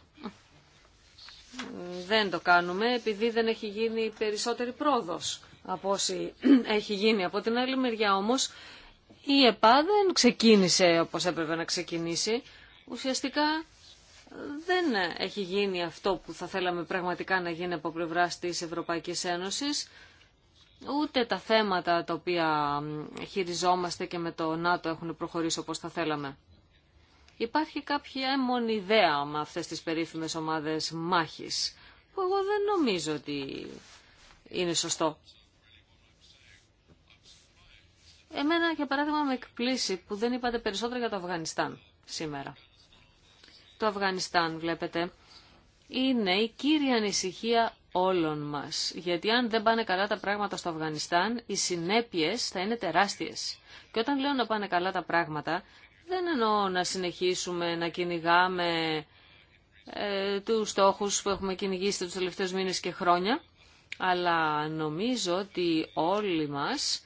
δεν το κάνουμε επειδή δεν έχει γίνει περισσότερη πρόοδος από όσοι έχει γίνει. Από την άλλη μεριά όμως η ΕΠΑ δεν ξεκίνησε όπως έπρεπε να ξεκινήσει. Ουσιαστικά δεν έχει γίνει αυτό που θα θέλαμε πραγματικά να γίνει από πλευρά τη Ευρωπαϊκή Ένωση. ούτε τα θέματα τα οποία χειριζόμαστε και με το ΝΑΤΟ έχουν προχωρήσει όπως θα θέλαμε. Υπάρχει κάποια έμμονη ιδέα με αυτές τις περίφημες ομάδες μάχης, που εγώ δεν νομίζω ότι είναι σωστό. Εμένα, για παράδειγμα, με εκπλήσει που δεν είπατε περισσότερο για το Αφγανιστάν σήμερα. Το Αφγανιστάν, βλέπετε, είναι η κύρια ανησυχία όλων μας. Γιατί αν δεν πάνε καλά τα πράγματα στο Αφγανιστάν, οι συνέπειες θα είναι τεράστιες. Και όταν λέω να πάνε καλά τα πράγματα, δεν εννοώ να συνεχίσουμε να κυνηγάμε ε, τους στόχους που έχουμε κυνηγήσει τους τελευταίους μήνες και χρόνια, αλλά νομίζω ότι όλοι μας,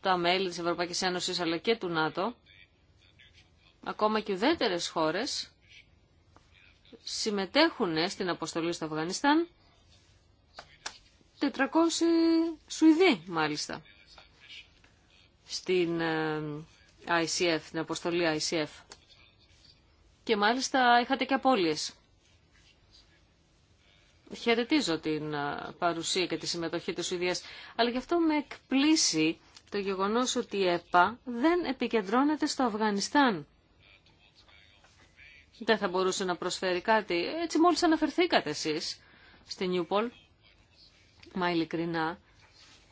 τα μέλη της Ευρωπαϊκής Ένωσης αλλά και του ΝΑΤΟ, ακόμα και ουδέτερες χώρες συμμετέχουν στην αποστολή στο Αφγανιστάν 400 Σουηδοί μάλιστα στην ε, ICF, την αποστολή ICF. Και μάλιστα είχατε και απώλειες. Χαιρετίζω την ε, παρουσία και τη συμμετοχή της Σουηδίας, αλλά γι' αυτό με εκπλήσει το γεγονός ότι η ΕΠΑ δεν επικεντρώνεται στο Αφγανιστάν δεν θα μπορούσε να προσφέρει κάτι. Έτσι μόλις αναφερθήκατε εσείς στη Νιούπολ, μα ειλικρινά,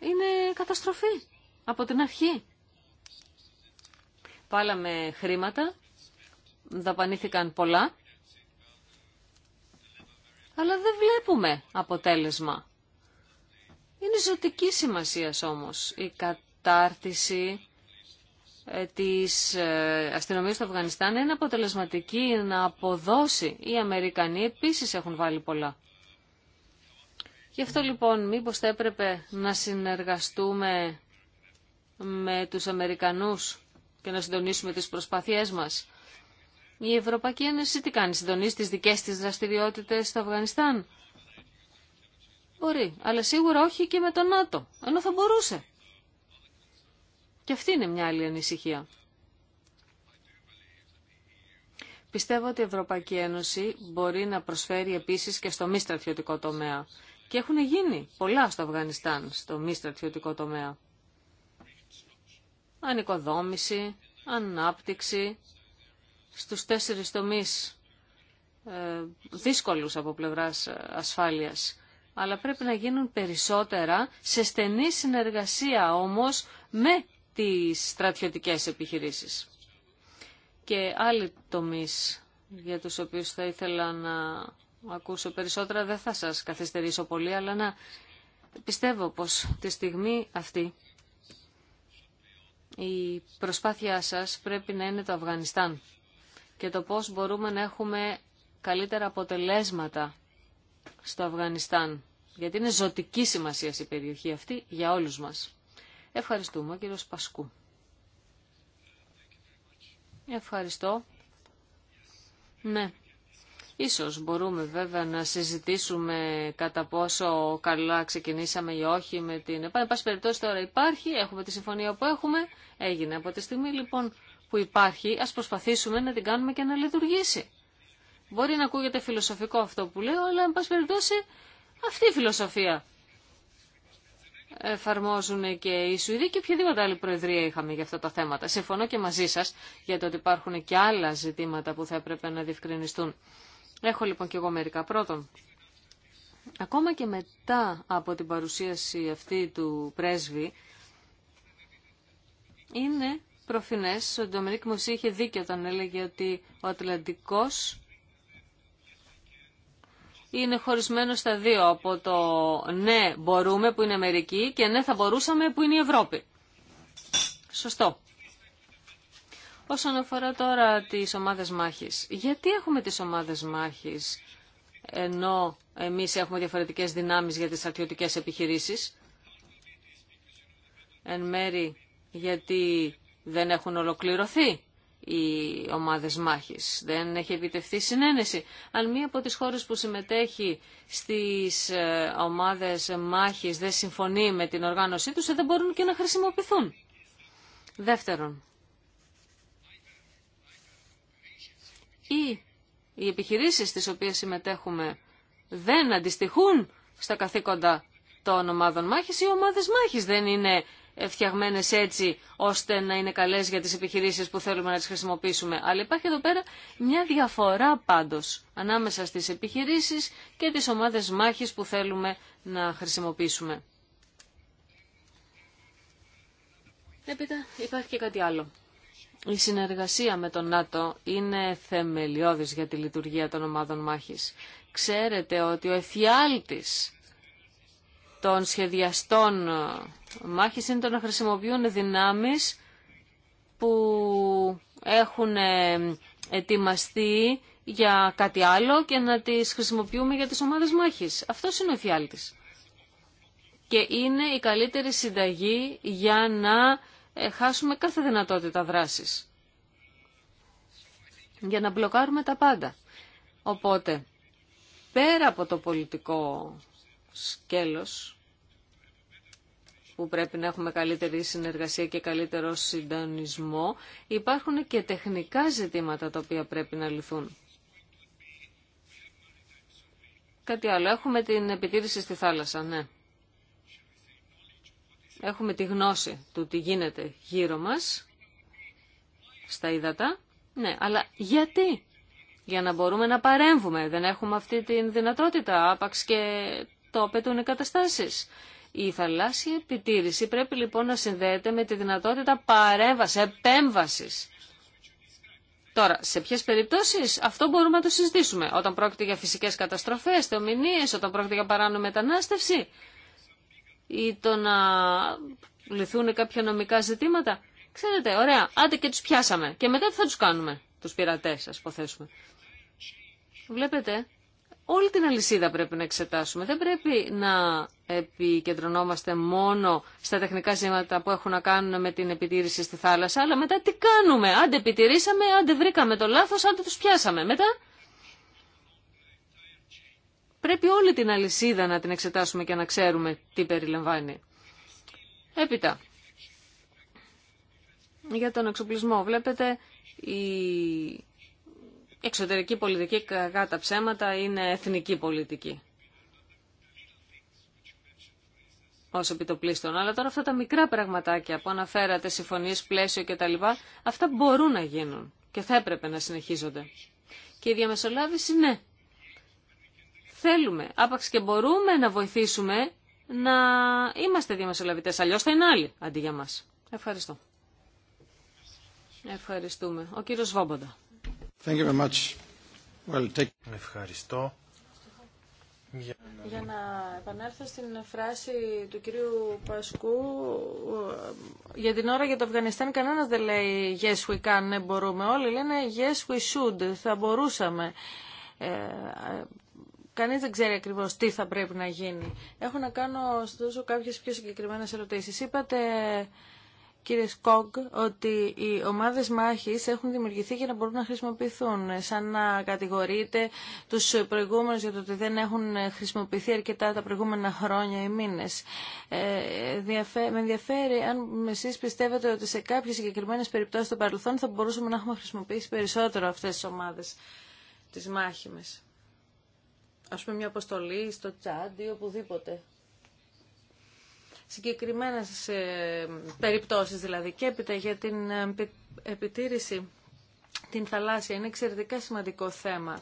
είναι καταστροφή από την αρχή. Πάλαμε χρήματα, δαπανήθηκαν πολλά, αλλά δεν βλέπουμε αποτέλεσμα. Είναι ζωτική σημασία όμως η κατάρτιση ε, της ε, αστυνομίας του Αφγανιστάν είναι αποτελεσματική να αποδώσει. Οι Αμερικανοί επίσης έχουν βάλει πολλά. Γι' αυτό λοιπόν μήπως θα έπρεπε να συνεργαστούμε με τους Αμερικανούς και να συντονίσουμε τις προσπάθειές μας. Η Ευρωπαϊκή Ένωση τι κάνει, συντονίζει τις δικές της δραστηριότητες στο Αφγανιστάν. Μπορεί, αλλά σίγουρα όχι και με τον ΝΑΤΟ, ενώ θα μπορούσε. Και αυτή είναι μια άλλη ανησυχία. Πιστεύω ότι η Ευρωπαϊκή Ένωση μπορεί να προσφέρει επίσης και στο μη στρατιωτικό τομέα. Και έχουν γίνει πολλά στο Αφγανιστάν, στο μη στρατιωτικό τομέα. Ανοικοδόμηση, ανάπτυξη, στους τέσσερις τομείς ε, δύσκολους από πλευράς ε, ασφάλειας. Αλλά πρέπει να γίνουν περισσότερα σε στενή συνεργασία όμως με τις στρατιωτικές επιχειρήσεις. Και άλλοι τομείς για τους οποίους θα ήθελα να ακούσω περισσότερα, δεν θα σας καθυστερήσω πολύ, αλλά να πιστεύω πως τη στιγμή αυτή η προσπάθειά σας πρέπει να είναι το Αφγανιστάν και το πώς μπορούμε να έχουμε καλύτερα αποτελέσματα στο Αφγανιστάν. Γιατί είναι ζωτική σημασία η περιοχή αυτή για όλους μας. Ευχαριστούμε, κύριο Πασκού. Ευχαριστώ. Ναι. Ίσως μπορούμε βέβαια να συζητήσουμε κατά πόσο καλά ξεκινήσαμε ή όχι με την ΕΠΑ. περιπτώσει τώρα υπάρχει, έχουμε τη συμφωνία που έχουμε, έγινε από τη στιγμή λοιπόν που υπάρχει, ας προσπαθήσουμε να την κάνουμε και να λειτουργήσει. Μπορεί να ακούγεται φιλοσοφικό αυτό που λέω, αλλά εν πάση περιπτώσει αυτή η φιλοσοφία εφαρμόζουν και οι Σουηδοί και οποιαδήποτε άλλη προεδρία είχαμε για αυτά τα θέματα. Συμφωνώ και μαζί σα για το ότι υπάρχουν και άλλα ζητήματα που θα έπρεπε να διευκρινιστούν. Έχω λοιπόν και εγώ μερικά. Πρώτον, ακόμα και μετά από την παρουσίαση αυτή του πρέσβη, είναι προφηνές ότι ο Ντομινίκ Μωσή είχε δίκιο όταν έλεγε ότι ο Ατλαντικός είναι χωρισμένο στα δύο από το ναι μπορούμε που είναι Αμερική και ναι θα μπορούσαμε που είναι η Ευρώπη. Σωστό. Όσον αφορά τώρα τις ομάδες μάχης, γιατί έχουμε τις ομάδες μάχης ενώ εμείς έχουμε διαφορετικές δυνάμεις για τις στρατιωτικές επιχειρήσεις. Εν μέρη γιατί δεν έχουν ολοκληρωθεί οι ομάδες μάχης. Δεν έχει επιτευχθεί συνένεση. Αν μία από τις χώρες που συμμετέχει στις ε, ομάδες μάχης δεν συμφωνεί με την οργάνωσή τους, ε, δεν μπορούν και να χρησιμοποιηθούν. Δεύτερον, ή οι επιχειρήσεις στις οποίες συμμετέχουμε δεν αντιστοιχούν στα καθήκοντα των ομάδων μάχης ή ομάδες μάχης δεν είναι φτιαγμένε έτσι ώστε να είναι καλές για τις επιχειρήσεις που θέλουμε να τι χρησιμοποιήσουμε. Αλλά υπάρχει εδώ πέρα μια διαφορά πάντως ανάμεσα στις επιχειρήσεις και τις ομάδες μάχης που θέλουμε να χρησιμοποιήσουμε. Έπειτα υπάρχει και κάτι άλλο. Η συνεργασία με τον ΝΑΤΟ είναι θεμελιώδης για τη λειτουργία των ομάδων μάχης. Ξέρετε ότι ο εφιάλτης των σχεδιαστών ε, μάχης είναι το να χρησιμοποιούν δυνάμεις που έχουν ε, ετοιμαστεί για κάτι άλλο και να τις χρησιμοποιούμε για τις ομάδες μάχης. Αυτό είναι ο φιάλτης. Και είναι η καλύτερη συνταγή για να ε, χάσουμε κάθε δυνατότητα δράσης. Για να μπλοκάρουμε τα πάντα. Οπότε, πέρα από το πολιτικό σκέλος, που πρέπει να έχουμε καλύτερη συνεργασία και καλύτερο συντονισμό, υπάρχουν και τεχνικά ζητήματα τα οποία πρέπει να λυθούν. Κάτι άλλο. Έχουμε την επιτήρηση στη θάλασσα, ναι. Έχουμε τη γνώση του τι γίνεται γύρω μας, στα ύδατα. Ναι, αλλά γιατί για να μπορούμε να παρέμβουμε. Δεν έχουμε αυτή τη δυνατότητα, άπαξ και το απαιτούν οι καταστάσεις. Η θαλάσσια επιτήρηση πρέπει λοιπόν να συνδέεται με τη δυνατότητα παρέμβαση, επέμβαση. Τώρα, σε ποιε περιπτώσει αυτό μπορούμε να το συζητήσουμε. Όταν πρόκειται για φυσικέ καταστροφέ, θεομηνίε, όταν πρόκειται για παράνομη μετανάστευση ή το να λυθούν κάποια νομικά ζητήματα. Ξέρετε, ωραία, άντε και του πιάσαμε. Και μετά τι θα του κάνουμε, του πειρατέ, α υποθέσουμε. Βλέπετε, όλη την αλυσίδα πρέπει να εξετάσουμε. Δεν πρέπει να επικεντρωνόμαστε μόνο στα τεχνικά ζήματα που έχουν να κάνουν με την επιτήρηση στη θάλασσα, αλλά μετά τι κάνουμε, άντε επιτηρήσαμε, άντε βρήκαμε το λάθος, άντε τους πιάσαμε. Μετά πρέπει όλη την αλυσίδα να την εξετάσουμε και να ξέρουμε τι περιλαμβάνει. Έπειτα, για τον εξοπλισμό, βλέπετε η εξωτερική πολιτική κατά ψέματα είναι εθνική πολιτική. ως επιτοπλίστων. Αλλά τώρα αυτά τα μικρά πραγματάκια που αναφέρατε, συμφωνίες, πλαίσιο κτλ. Αυτά μπορούν να γίνουν και θα έπρεπε να συνεχίζονται. Και η διαμεσολάβηση ναι. Θέλουμε, άπαξ και μπορούμε να βοηθήσουμε να είμαστε διαμεσολαβητές. Αλλιώς θα είναι άλλοι αντί για μας. Ευχαριστώ. Ευχαριστούμε. Ο κύριος Βόμποντα. Ευχαριστώ. Για να επανέλθω στην φράση του κυρίου Πασκού, για την ώρα για το Αφγανιστάν κανένας δεν λέει yes we can, ναι μπορούμε. Όλοι λένε yes we should, θα μπορούσαμε. Ε, κανείς δεν ξέρει ακριβώς τι θα πρέπει να γίνει. Έχω να κάνω, ωστόσο, κάποιες πιο συγκεκριμένες ερωτήσεις. Είπατε κύριε Σκόγκ, ότι οι ομάδες μάχης έχουν δημιουργηθεί για να μπορούν να χρησιμοποιηθούν. Σαν να κατηγορείτε τους προηγούμενους για το ότι δεν έχουν χρησιμοποιηθεί αρκετά τα προηγούμενα χρόνια ή μήνες. Ε, με ενδιαφέρει αν εσείς πιστεύετε ότι σε κάποιες συγκεκριμένες περιπτώσεις στο παρελθόν θα μπορούσαμε να έχουμε χρησιμοποιήσει περισσότερο αυτές τις ομάδες τις μάχημες. Ας πούμε μια αποστολή στο τσάντ ή οπουδήποτε συγκεκριμένες ε, περιπτώσεις δηλαδή και έπειτα για την ε, επιτήρηση την θαλάσσια είναι εξαιρετικά σημαντικό θέμα.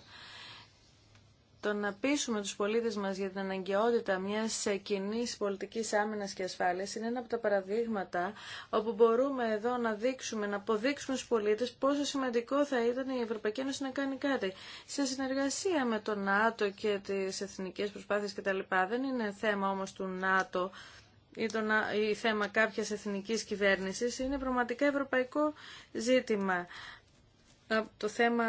Το να πείσουμε τους πολίτες μας για την αναγκαιότητα μιας ε, κοινή πολιτικής άμυνας και ασφάλειας είναι ένα από τα παραδείγματα όπου μπορούμε εδώ να δείξουμε, να αποδείξουμε στους πολίτες πόσο σημαντικό θα ήταν η Ευρωπαϊκή Ένωση να κάνει κάτι. Σε συνεργασία με το ΝΑΤΟ και τις εθνικές προσπάθειες κτλ. Δεν είναι θέμα όμως του ΝΑΤΟ ή, το ή θέμα κάποιας εθνικής κυβέρνησης είναι πραγματικά ευρωπαϊκό ζήτημα. Το θέμα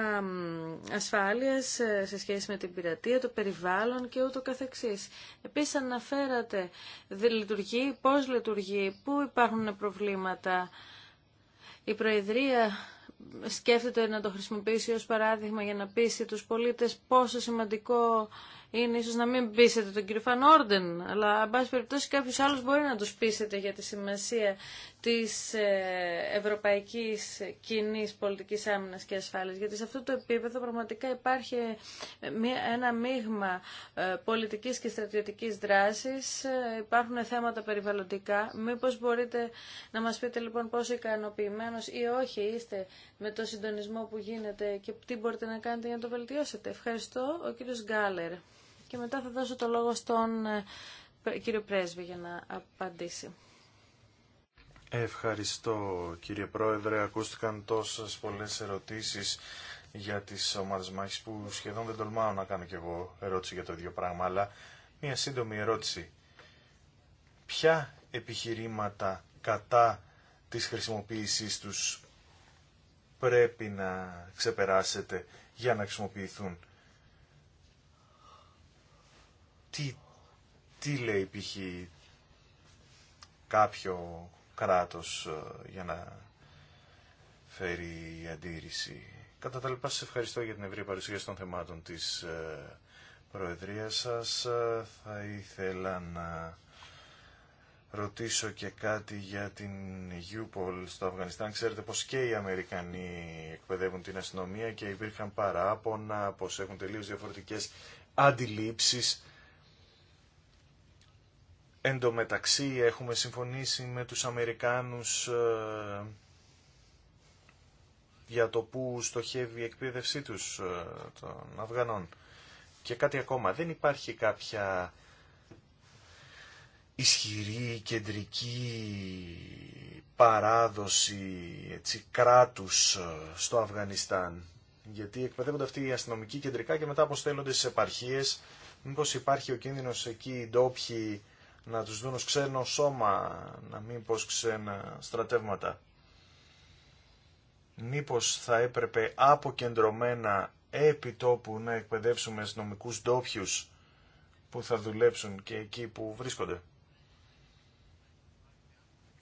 ασφάλειας ε, σε σχέση με την πειρατεία, το περιβάλλον και ούτω καθεξής. Επίσης αναφέρατε, λειτουργεί, πώς λειτουργεί, πού υπάρχουν προβλήματα. Η Προεδρία σκέφτεται να το χρησιμοποιήσει ως παράδειγμα για να πείσει τους πολίτες πόσο σημαντικό είναι ίσως να μην πείσετε τον κύριο Φανόρντεν, αλλά αν πάση περιπτώσει κάποιος άλλος μπορεί να τους πείσετε για τη σημασία της ε, ευρωπαϊκής κοινή πολιτικής άμυνας και ασφάλειας. Γιατί σε αυτό το επίπεδο πραγματικά υπάρχει ε, ένα μείγμα ε, πολιτικής και στρατιωτικής δράσης. Υπάρχουν θέματα περιβαλλοντικά. Μήπως μπορείτε να μας πείτε λοιπόν πόσο ικανοποιημένο ή όχι είστε με το συντονισμό που γίνεται και τι μπορείτε να κάνετε για να το βελτιώσετε. Ευχαριστώ. Ο κύριος Γκάλερ και μετά θα δώσω το λόγο στον ε, κύριο Πρέσβη για να απαντήσει. Ευχαριστώ κύριε Πρόεδρε. Ακούστηκαν τόσες πολλές ερωτήσεις για τις ομάδες μάχης που σχεδόν δεν τολμάω να κάνω κι εγώ ερώτηση για το ίδιο πράγμα, αλλά μία σύντομη ερώτηση. Ποια επιχειρήματα κατά της χρησιμοποίησής τους πρέπει να ξεπεράσετε για να χρησιμοποιηθούν τι, τι λέει π.χ. κάποιο κράτος ε, για να φέρει η αντίρρηση. Κατά τα λοιπά, σας ευχαριστώ για την ευρύ παρουσίαση των θεμάτων της ε, Προεδρίας σας. Ε, θα ήθελα να ρωτήσω και κάτι για την Γιούπολ στο Αφγανιστάν. Ξέρετε πως και οι Αμερικανοί εκπαιδεύουν την αστυνομία και υπήρχαν παράπονα πως έχουν τελείως διαφορετικές αντιλήψεις Εν τω μεταξύ έχουμε συμφωνήσει με τους Αμερικάνους ε, για το που στοχεύει η εκπαίδευσή τους ε, των Αφγανών. Και κάτι ακόμα, δεν υπάρχει κάποια ισχυρή κεντρική παράδοση έτσι, κράτους ε, στο Αφγανιστάν. Γιατί εκπαιδεύονται αυτοί οι αστυνομικοί κεντρικά και μετά αποστέλλονται στις επαρχίες. Μήπως υπάρχει ο κίνδυνος εκεί οι ντόπιοι να τους δουν ως ξένο σώμα, να μην πως ξένα στρατεύματα. Μήπως θα έπρεπε αποκεντρωμένα επί τόπου να εκπαιδεύσουμε νομικού ντόπιου που θα δουλέψουν και εκεί που βρίσκονται.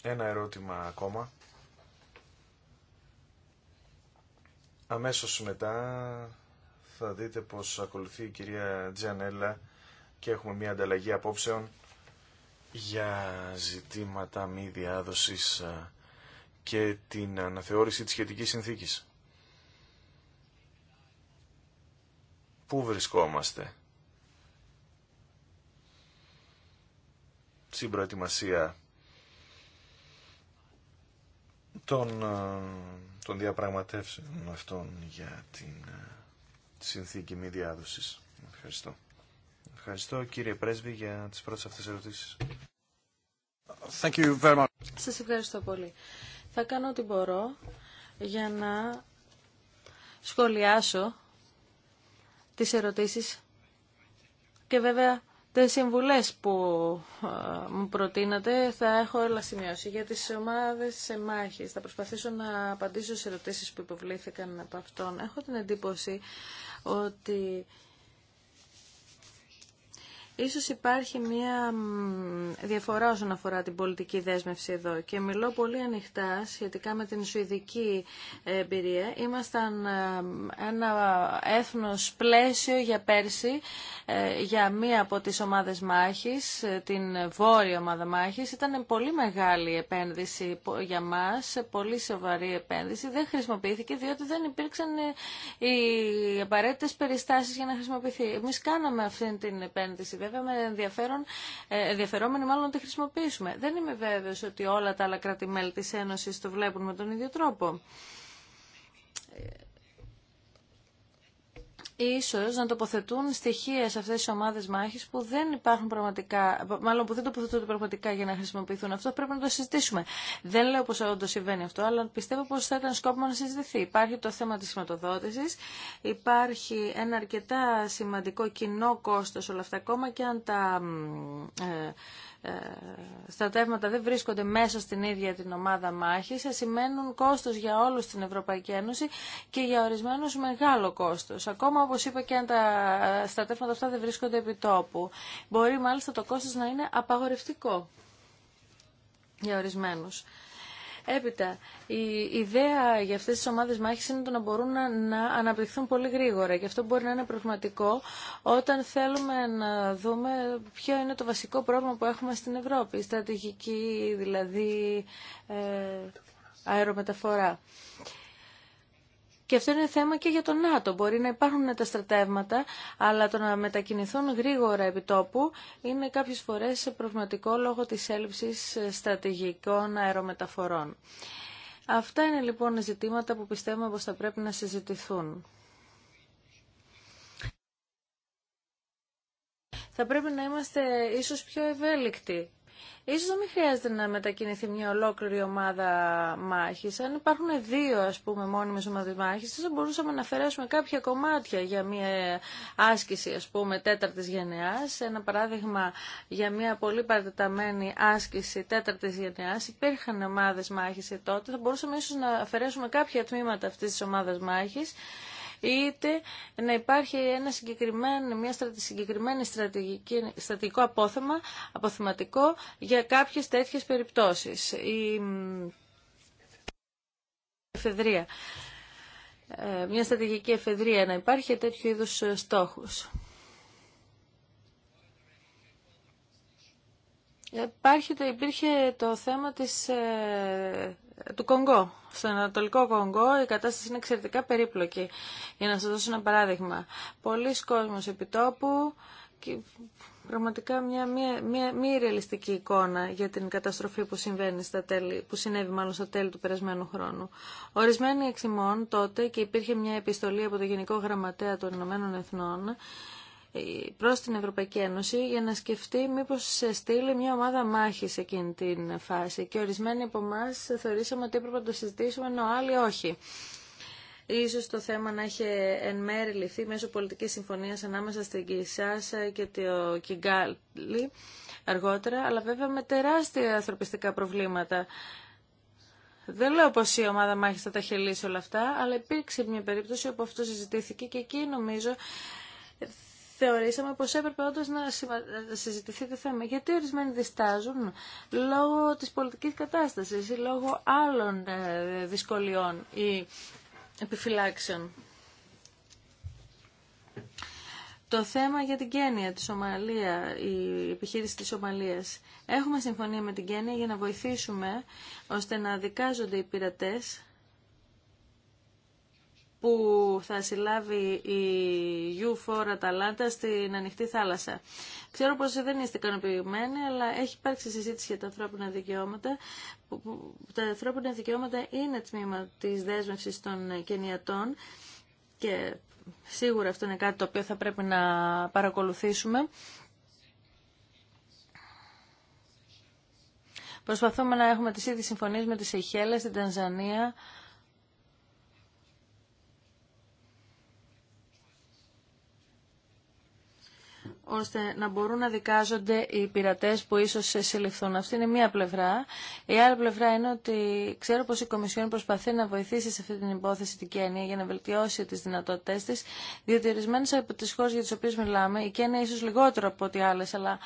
Ένα ερώτημα ακόμα. Αμέσως μετά θα δείτε πως ακολουθεί η κυρία Τζιανέλα και έχουμε μια ανταλλαγή απόψεων για ζητήματα μη διάδοσης ε, και την αναθεώρηση της σχετικής συνθήκης. Πού βρισκόμαστε στην προετοιμασία των, ε, των διαπραγματεύσεων αυτών για την ε, συνθήκη μη διάδοσης. Ευχαριστώ. Ευχαριστώ κύριε Πρέσβη για τις πρώτες αυτές ερωτήσεις. Thank you very much. Σας ευχαριστώ πολύ. Θα κάνω ό,τι μπορώ για να σχολιάσω τις ερωτήσεις και βέβαια τις συμβουλές που ε, μου προτείνατε θα έχω όλα σημειώσει. Για τις ομάδες σε μάχη. θα προσπαθήσω να απαντήσω σε ερωτήσεις που υποβλήθηκαν από αυτόν. Έχω την εντύπωση ότι Ίσως υπάρχει μια διαφορά όσον αφορά την πολιτική δέσμευση εδώ και μιλώ πολύ ανοιχτά σχετικά με την σουηδική εμπειρία. Ήμασταν ε, ένα έθνος πλαίσιο για πέρσι ε, για μία από τις ομάδες μάχης, ε, την βόρεια ομάδα μάχης. Ήταν πολύ μεγάλη επένδυση για μας, πολύ σοβαρή επένδυση. Δεν χρησιμοποιήθηκε διότι δεν υπήρξαν οι απαραίτητες περιστάσεις για να χρησιμοποιηθεί. Εμείς κάναμε αυτή την επένδυση βέβαια με ενδιαφέρον, ε, ενδιαφερόμενοι μάλλον να τη χρησιμοποιήσουμε. Δεν είμαι βέβαιος ότι όλα τα άλλα κράτη-μέλη της Ένωσης το βλέπουν με τον ίδιο τρόπο. Ε, ίσως να τοποθετούν στοιχεία σε αυτές τις ομάδες μάχης που δεν υπάρχουν πραγματικά, μάλλον που δεν τοποθετούνται πραγματικά για να χρησιμοποιηθούν. Αυτό πρέπει να το συζητήσουμε. Δεν λέω πως όντως συμβαίνει αυτό, αλλά πιστεύω πως θα ήταν σκόπιμο να συζητηθεί. Υπάρχει το θέμα της χρηματοδότηση, υπάρχει ένα αρκετά σημαντικό κοινό κόστος όλα αυτά, ακόμα και αν τα ε, στρατεύματα δεν βρίσκονται μέσα στην ίδια την ομάδα μάχης, σημαίνουν κόστος για όλου στην Ευρωπαϊκή Ένωση και για ορισμένους μεγάλο κόστος. Ακόμα όπως είπα και αν τα στρατεύματα αυτά δεν βρίσκονται επί τόπου. Μπορεί μάλιστα το κόστος να είναι απαγορευτικό για ορισμένου. Έπειτα, η ιδέα για αυτές τις ομάδες μάχης είναι το να μπορούν να, αναπτυχθούν πολύ γρήγορα και αυτό μπορεί να είναι πραγματικό όταν θέλουμε να δούμε ποιο είναι το βασικό πρόβλημα που έχουμε στην Ευρώπη, η στρατηγική δηλαδή ε, αερομεταφορά. Και αυτό είναι θέμα και για τον ΝΑΤΟ. Μπορεί να υπάρχουν τα στρατεύματα, αλλά το να μετακινηθούν γρήγορα επί τόπου είναι κάποιες φορές προβληματικό λόγω της έλλειψης στρατηγικών αερομεταφορών. Αυτά είναι λοιπόν ζητήματα που πιστεύουμε πως θα πρέπει να συζητηθούν. Θα πρέπει να είμαστε ίσως πιο ευέλικτοι Ίσως να μην χρειάζεται να μετακινηθεί μια ολόκληρη ομάδα μάχης. Αν υπάρχουν δύο ας πούμε μόνιμες ομάδες μάχης, θα μπορούσαμε να αφαιρέσουμε κάποια κομμάτια για μια άσκηση ας πούμε τέταρτης γενεάς. Ένα παράδειγμα για μια πολύ παρατεταμένη άσκηση τέταρτης γενεάς. Υπήρχαν ομάδες μάχης τότε. Θα μπορούσαμε ίσως να αφαιρέσουμε κάποια τμήματα αυτής της ομάδας μάχης είτε να υπάρχει ένα συγκεκριμένο, μια συγκεκριμένη στρατηγική, στρατηγικό απόθεμα, αποθεματικό για κάποιες τέτοιες περιπτώσεις. Η εφεδρία ε, μια στρατηγική εφεδρεία να υπάρχει τέτοιο τέτοιου είδους ε, στόχους. Υπάρχει, υπήρχε το θέμα της, ε, του Κονγκό. Στον Ανατολικό Κονγκό η κατάσταση είναι εξαιρετικά περίπλοκη. Για να σας δώσω ένα παράδειγμα. Πολλοί κόσμος επιτόπου και πραγματικά μια, μια μη ρεαλιστική εικόνα για την καταστροφή που, που συνέβη μάλλον στα τέλη του περασμένου χρόνου. Ορισμένοι εξημών τότε και υπήρχε μια επιστολή από το Γενικό Γραμματέα των Ηνωμένων Εθνών προς την Ευρωπαϊκή Ένωση για να σκεφτεί μήπως στείλει μια ομάδα μάχη σε εκείνη την φάση και ορισμένοι από εμά θεωρήσαμε ότι έπρεπε να το συζητήσουμε ενώ άλλοι όχι. Ίσως το θέμα να έχει εν μέρη ληφθεί μέσω πολιτικής συμφωνίας ανάμεσα στην Κισάσα και το Κιγκάλι αργότερα, αλλά βέβαια με τεράστια ανθρωπιστικά προβλήματα. Δεν λέω πω η ομάδα μάχης θα τα χελίσει όλα αυτά, αλλά υπήρξε μια περίπτωση όπου αυτό συζητήθηκε και εκεί νομίζω θεωρήσαμε πως έπρεπε όντω να συζητηθεί το θέμα. Γιατί ορισμένοι διστάζουν λόγω της πολιτικής κατάστασης ή λόγω άλλων ε, δυσκολιών ή επιφυλάξεων. Το θέμα για την Κένια, τη Σομαλία, η επιχείρηση της Σομαλίας. Έχουμε συμφωνία με την Κένια για να βοηθήσουμε ώστε να δικάζονται οι πειρατές που θα συλλάβει η U4 Αταλάντα στην ανοιχτή θάλασσα. Ξέρω πως δεν είστε ικανοποιημένοι, αλλά έχει υπάρξει συζήτηση για τα ανθρώπινα δικαιώματα. Τα ανθρώπινα δικαιώματα είναι τμήμα της δέσμευσης των κενιατών και σίγουρα αυτό είναι κάτι το οποίο θα πρέπει να παρακολουθήσουμε. Προσπαθούμε να έχουμε τις ίδιες συμφωνίες με τη Σεχέλα στην Τανζανία, ώστε να μπορούν να δικάζονται οι πειρατέ που ίσως συλληφθούν. Αυτή είναι μία πλευρά. Η άλλη πλευρά είναι ότι ξέρω πως η Κομισιόν προσπαθεί να βοηθήσει σε αυτή την υπόθεση την Κένια για να βελτιώσει τι δυνατότητές τη, διότι ορισμένε από τι χώρε για τι οποίε μιλάμε, η Κένια ίσω λιγότερο από ό,τι άλλε, αλλά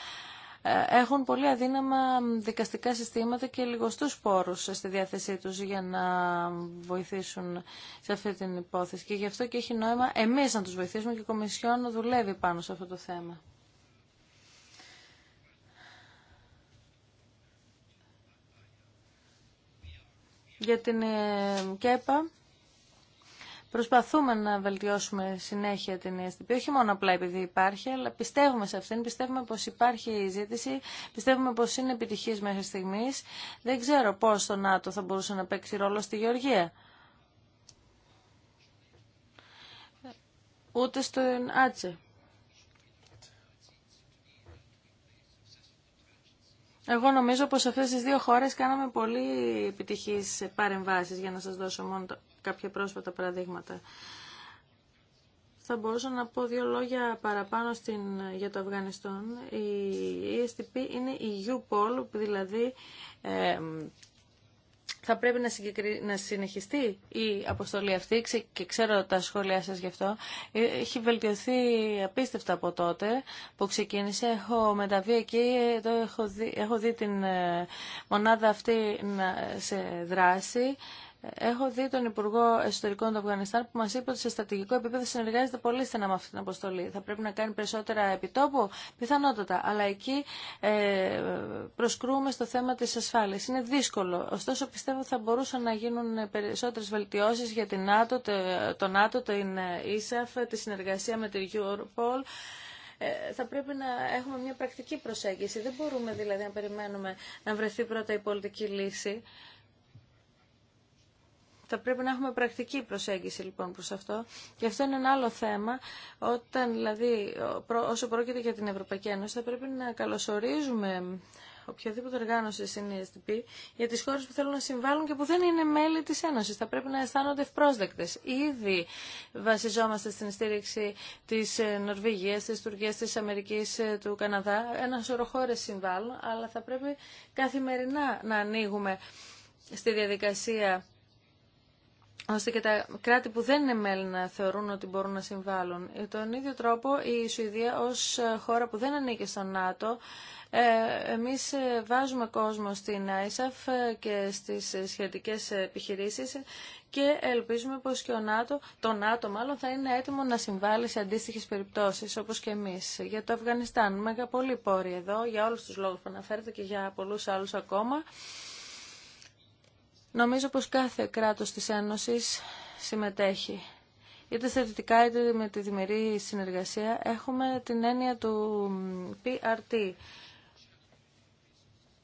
ε, έχουν πολύ αδύναμα δικαστικά συστήματα και λιγοστούς πόρους στη διάθεσή τους για να βοηθήσουν σε αυτή την υπόθεση. Και γι' αυτό και έχει νόημα εμείς να τους βοηθήσουμε και η Κομισιόν να δουλεύει πάνω σε αυτό το θέμα. Για την ε, ΚΕΠΑ Προσπαθούμε να βελτιώσουμε συνέχεια την αισθητή, όχι μόνο απλά επειδή υπάρχει, αλλά πιστεύουμε σε αυτήν, πιστεύουμε πως υπάρχει η ζήτηση, πιστεύουμε πως είναι επιτυχής μέχρι στιγμής. Δεν ξέρω πώς το ΝΑΤΟ θα μπορούσε να παίξει ρόλο στη Γεωργία. Ούτε στον Άτσε. Εγώ νομίζω πως σε αυτές τις δύο χώρες κάναμε πολύ επιτυχείς παρεμβάσεις, για να σας δώσω μόνο κάποια πρόσφατα παραδείγματα. Θα μπορούσα να πω δύο λόγια παραπάνω στην, για το Αφγανιστόν. Η ESTP είναι η U-POL δηλαδή ε, θα πρέπει να, να συνεχιστεί η αποστολή αυτή και ξέρω τα σχόλιά σας γι' αυτό. Ε, έχει βελτιωθεί απίστευτα από τότε που ξεκίνησε. Έχω μεταβεί εκεί, εδώ έχω δει, έχω δει την ε, μονάδα αυτή σε δράση. Έχω δει τον Υπουργό Εσωτερικών του Αφγανιστάν που μα είπε ότι σε στρατηγικό επίπεδο συνεργάζεται πολύ στενά με αυτή την αποστολή. Θα πρέπει να κάνει περισσότερα επιτόπου, πιθανότατα. Αλλά εκεί ε, προσκρούμε στο θέμα τη ασφάλεια. Είναι δύσκολο. Ωστόσο, πιστεύω ότι θα μπορούσαν να γίνουν περισσότερε βελτιώσει για την ΝΑΤΟ, το ΝΑΤΟ, την ε, ΙΣΑΦ, τη συνεργασία με την Europol ε, θα πρέπει να έχουμε μια πρακτική προσέγγιση. Δεν μπορούμε δηλαδή να περιμένουμε να βρεθεί πρώτα η πολιτική λύση. Θα πρέπει να έχουμε πρακτική προσέγγιση λοιπόν προς αυτό. Και αυτό είναι ένα άλλο θέμα. Όταν δηλαδή όσο πρόκειται για την Ευρωπαϊκή Ένωση θα πρέπει να καλωσορίζουμε οποιαδήποτε οργάνωση είναι η e για τις χώρες που θέλουν να συμβάλλουν και που δεν είναι μέλη της Ένωσης. Θα πρέπει να αισθάνονται ευπρόσδεκτες. Ήδη βασιζόμαστε στην στήριξη της ε, Νορβηγίας, της Τουρκίας, της Αμερικής, ε, του Καναδά. Ένα σωρό χώρες συμβάλλουν, αλλά θα πρέπει καθημερινά να ανοίγουμε στη διαδικασία ώστε και τα κράτη που δεν είναι μέλη να θεωρούν ότι μπορούν να συμβάλλουν. Ε, τον ίδιο τρόπο η Σουηδία ως ε, χώρα που δεν ανήκει στο ΝΑΤΟ ε, εμείς βάζουμε κόσμο στην ΆΙΣΑΦ και στις σχετικές επιχειρήσεις και ελπίζουμε πως και ο ΝΑΤΟ, το ΝΑΤΟ μάλλον θα είναι έτοιμο να συμβάλλει σε αντίστοιχες περιπτώσεις όπως και εμείς. Για το Αφγανιστάν, μεγα πόροι εδώ για όλους τους λόγους που αναφέρετε και για πολλούς άλλους ακόμα. Νομίζω πως κάθε κράτος της Ένωσης συμμετέχει. Είτε θετικά είτε με τη διμερή συνεργασία έχουμε την έννοια του PRT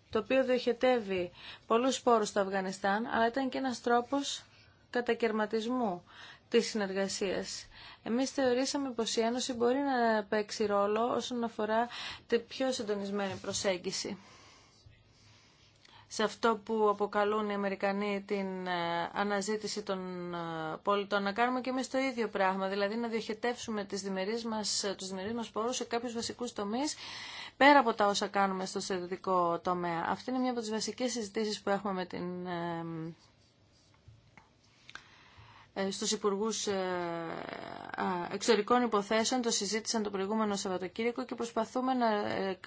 το οποίο διοχετεύει πολλούς σπόρους στο Αφγανιστάν, αλλά ήταν και ένας τρόπος κατακαιρματισμού της συνεργασίας. Εμείς θεωρήσαμε πως η Ένωση μπορεί να παίξει ρόλο όσον αφορά την πιο συντονισμένη προσέγγιση σε αυτό που αποκαλούν οι Αμερικανοί την ε, αναζήτηση των ε, πολιτών, να κάνουμε και εμείς το ίδιο πράγμα, δηλαδή να διοχετεύσουμε τις διμερείς μας, τους διμερείς μας πόρους σε κάποιους βασικούς τομείς, πέρα από τα όσα κάνουμε στο στρατιωτικό τομέα. Αυτή είναι μια από τις βασικές συζητήσεις που έχουμε με την ε, ε, στους Υπουργούς ε, Εξωτερικών Υποθέσεων, το συζήτησαν το προηγούμενο Σαββατοκύριακο και προσπαθούμε να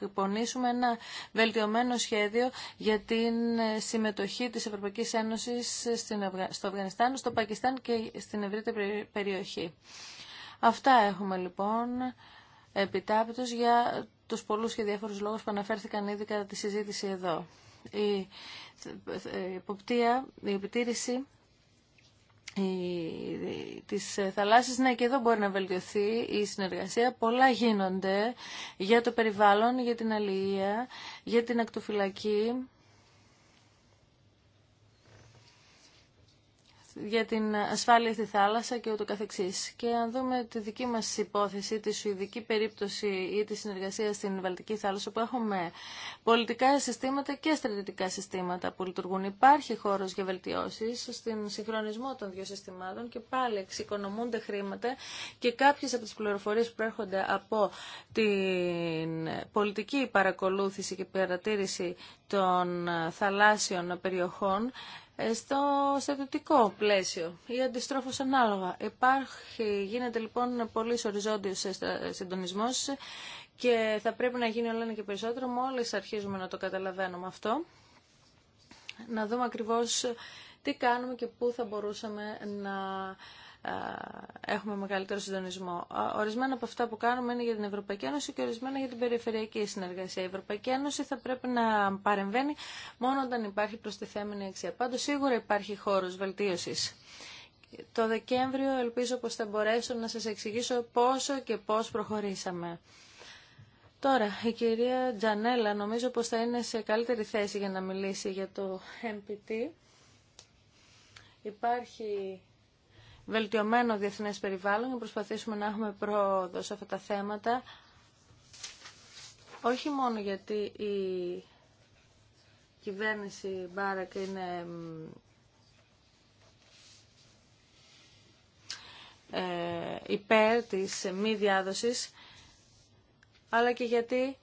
εκπονήσουμε ένα βελτιωμένο σχέδιο για την ε, συμμετοχή της Ευρωπαϊκής Ένωσης στο Αφγανιστάν, στο Πακιστάν και στην ευρύτερη περιοχή. Αυτά έχουμε λοιπόν επιτάπητος για τους πολλούς και διάφορους λόγους που αναφέρθηκαν ήδη κατά τη συζήτηση εδώ. Η υποπτία, η επιτήρηση της θαλάσσης, ναι και εδώ μπορεί να βελτιωθεί η συνεργασία. Πολλά γίνονται για το περιβάλλον, για την αλληλεία, για την ακτοφυλακή. για την ασφάλεια στη θάλασσα και ούτω καθεξής. Και αν δούμε τη δική μας υπόθεση, τη σουηδική περίπτωση ή τη συνεργασία στην Βαλτική θάλασσα που έχουμε πολιτικά συστήματα και στρατιωτικά συστήματα που λειτουργούν. Υπάρχει χώρος για βελτιώσεις στην συγχρονισμό των δύο συστημάτων και πάλι εξοικονομούνται χρήματα και κάποιες από τις πληροφορίες που έρχονται από την πολιτική παρακολούθηση και παρατήρηση των θαλάσσιων περιοχών ε, στο στρατιωτικό πλαίσιο ή αντιστρόφως ανάλογα. Υπάρχει, γίνεται λοιπόν πολύ οριζόντιο συντονισμό και θα πρέπει να γίνει όλα και περισσότερο μόλι αρχίζουμε να το καταλαβαίνουμε αυτό. Να δούμε ακριβώς τι κάνουμε και πού θα μπορούσαμε να έχουμε μεγαλύτερο συντονισμό. Ορισμένα από αυτά που κάνουμε είναι για την Ευρωπαϊκή Ένωση και ορισμένα για την περιφερειακή συνεργασία. Η Ευρωπαϊκή Ένωση θα πρέπει να παρεμβαίνει μόνο όταν υπάρχει προστιθέμενη αξία. Πάντως σίγουρα υπάρχει χώρος βελτίωσης. Το Δεκέμβριο ελπίζω πως θα μπορέσω να σας εξηγήσω πόσο και πώς προχωρήσαμε. Τώρα, η κυρία Τζανέλα νομίζω πως θα είναι σε καλύτερη θέση για να μιλήσει για το MPT. Υπάρχει βελτιωμένο διεθνές περιβάλλον να προσπαθήσουμε να έχουμε πρόοδο σε αυτά τα θέματα. Όχι μόνο γιατί η κυβέρνηση Μπάρακ είναι ε, υπέρ της μη διάδοσης, αλλά και γιατί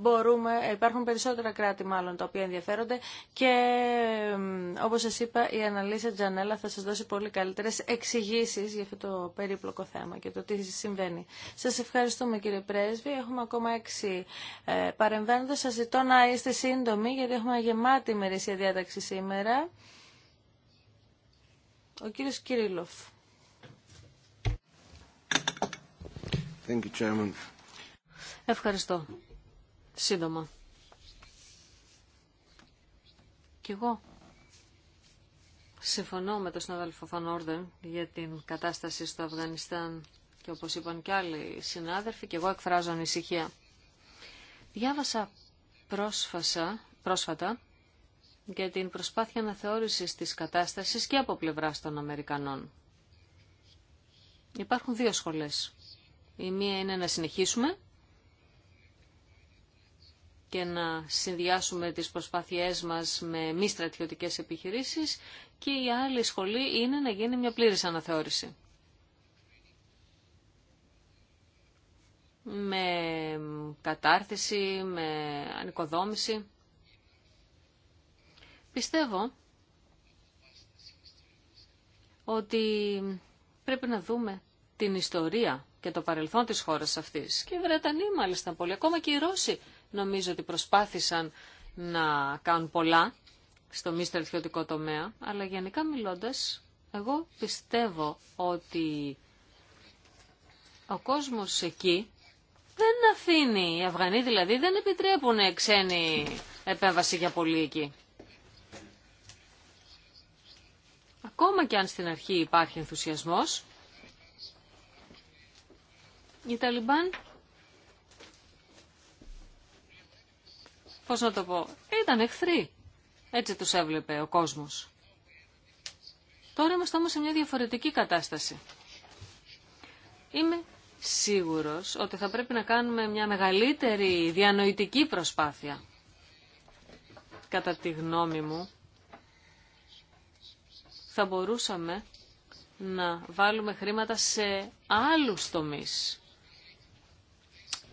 μπορούμε, υπάρχουν περισσότερα κράτη μάλλον τα οποία ενδιαφέρονται και όπως σας είπα η αναλύση Τζανέλα θα σας δώσει πολύ καλύτερες εξηγήσει για αυτό το περίπλοκο θέμα και το τι συμβαίνει. Σας ευχαριστούμε κύριε Πρέσβη, έχουμε ακόμα έξι ε, παρεμβαίνοντας. Σας ζητώ να είστε σύντομοι γιατί έχουμε γεμάτη ημερήσια διάταξη σήμερα. Ο κύριος Κυρίλοφ. Thank you, Ευχαριστώ σύντομα. Κι εγώ συμφωνώ με τον συνάδελφο Φανόρδεν για την κατάσταση στο Αφγανιστάν και όπως είπαν και άλλοι συνάδελφοι και εγώ εκφράζω ανησυχία. Διάβασα πρόσφασα, πρόσφατα για την προσπάθεια αναθεώρησης της κατάστασης και από πλευράς των Αμερικανών. Υπάρχουν δύο σχολές. Η μία είναι να συνεχίσουμε και να συνδυάσουμε τις προσπάθειές μας με μη στρατιωτικές επιχειρήσεις και η άλλη σχολή είναι να γίνει μια πλήρης αναθεώρηση. Με κατάρτιση, με ανοικοδόμηση. Πιστεύω ότι πρέπει να δούμε την ιστορία και το παρελθόν της χώρας αυτής. Και οι Βρετανοί μάλιστα πολύ, ακόμα και οι Ρώσοι Νομίζω ότι προσπάθησαν να κάνουν πολλά στο μη στρατιωτικό τομέα, αλλά γενικά μιλώντας, εγώ πιστεύω ότι ο κόσμος εκεί δεν αφήνει, οι Αφγανοί δηλαδή δεν επιτρέπουν ξένη επέμβαση για πολύ εκεί. Ακόμα και αν στην αρχή υπάρχει ενθουσιασμός, οι Ταλιμπάν πώς να το πω, ήταν εχθροί. Έτσι τους έβλεπε ο κόσμος. Τώρα είμαστε όμως σε μια διαφορετική κατάσταση. Είμαι σίγουρος ότι θα πρέπει να κάνουμε μια μεγαλύτερη διανοητική προσπάθεια. Κατά τη γνώμη μου, θα μπορούσαμε να βάλουμε χρήματα σε άλλους τομείς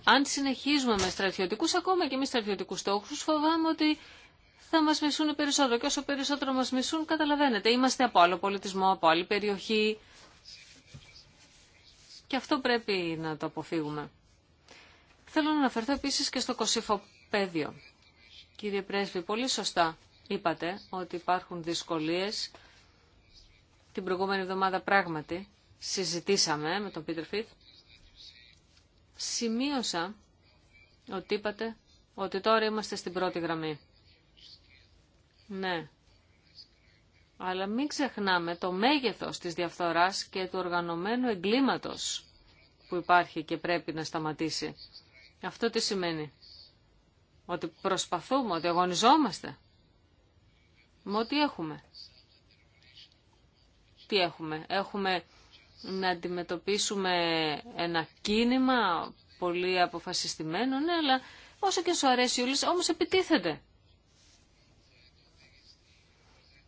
αν συνεχίζουμε με στρατιωτικούς, ακόμα και μη στρατιωτικούς στόχους, φοβάμαι ότι θα μας μισούν περισσότερο. Και όσο περισσότερο μας μισούν, καταλαβαίνετε, είμαστε από άλλο πολιτισμό, από άλλη περιοχή. Και αυτό πρέπει να το αποφύγουμε. Θέλω να αναφερθώ επίσης και στο κοσυφοπέδιο. Κύριε Πρέσβη, πολύ σωστά είπατε ότι υπάρχουν δυσκολίες. Την προηγούμενη εβδομάδα πράγματι συζητήσαμε με τον Πίτερ Φιτ σημείωσα ότι είπατε ότι τώρα είμαστε στην πρώτη γραμμή. Ναι. Αλλά μην ξεχνάμε το μέγεθος της διαφθοράς και του οργανωμένου εγκλήματος που υπάρχει και πρέπει να σταματήσει. Αυτό τι σημαίνει. Ότι προσπαθούμε, ότι αγωνιζόμαστε. Με ό,τι έχουμε. Τι έχουμε. Έχουμε να αντιμετωπίσουμε ένα κίνημα πολύ αποφασιστημένο, ναι, αλλά όσο και σου αρέσει όλες, όμως επιτίθεται.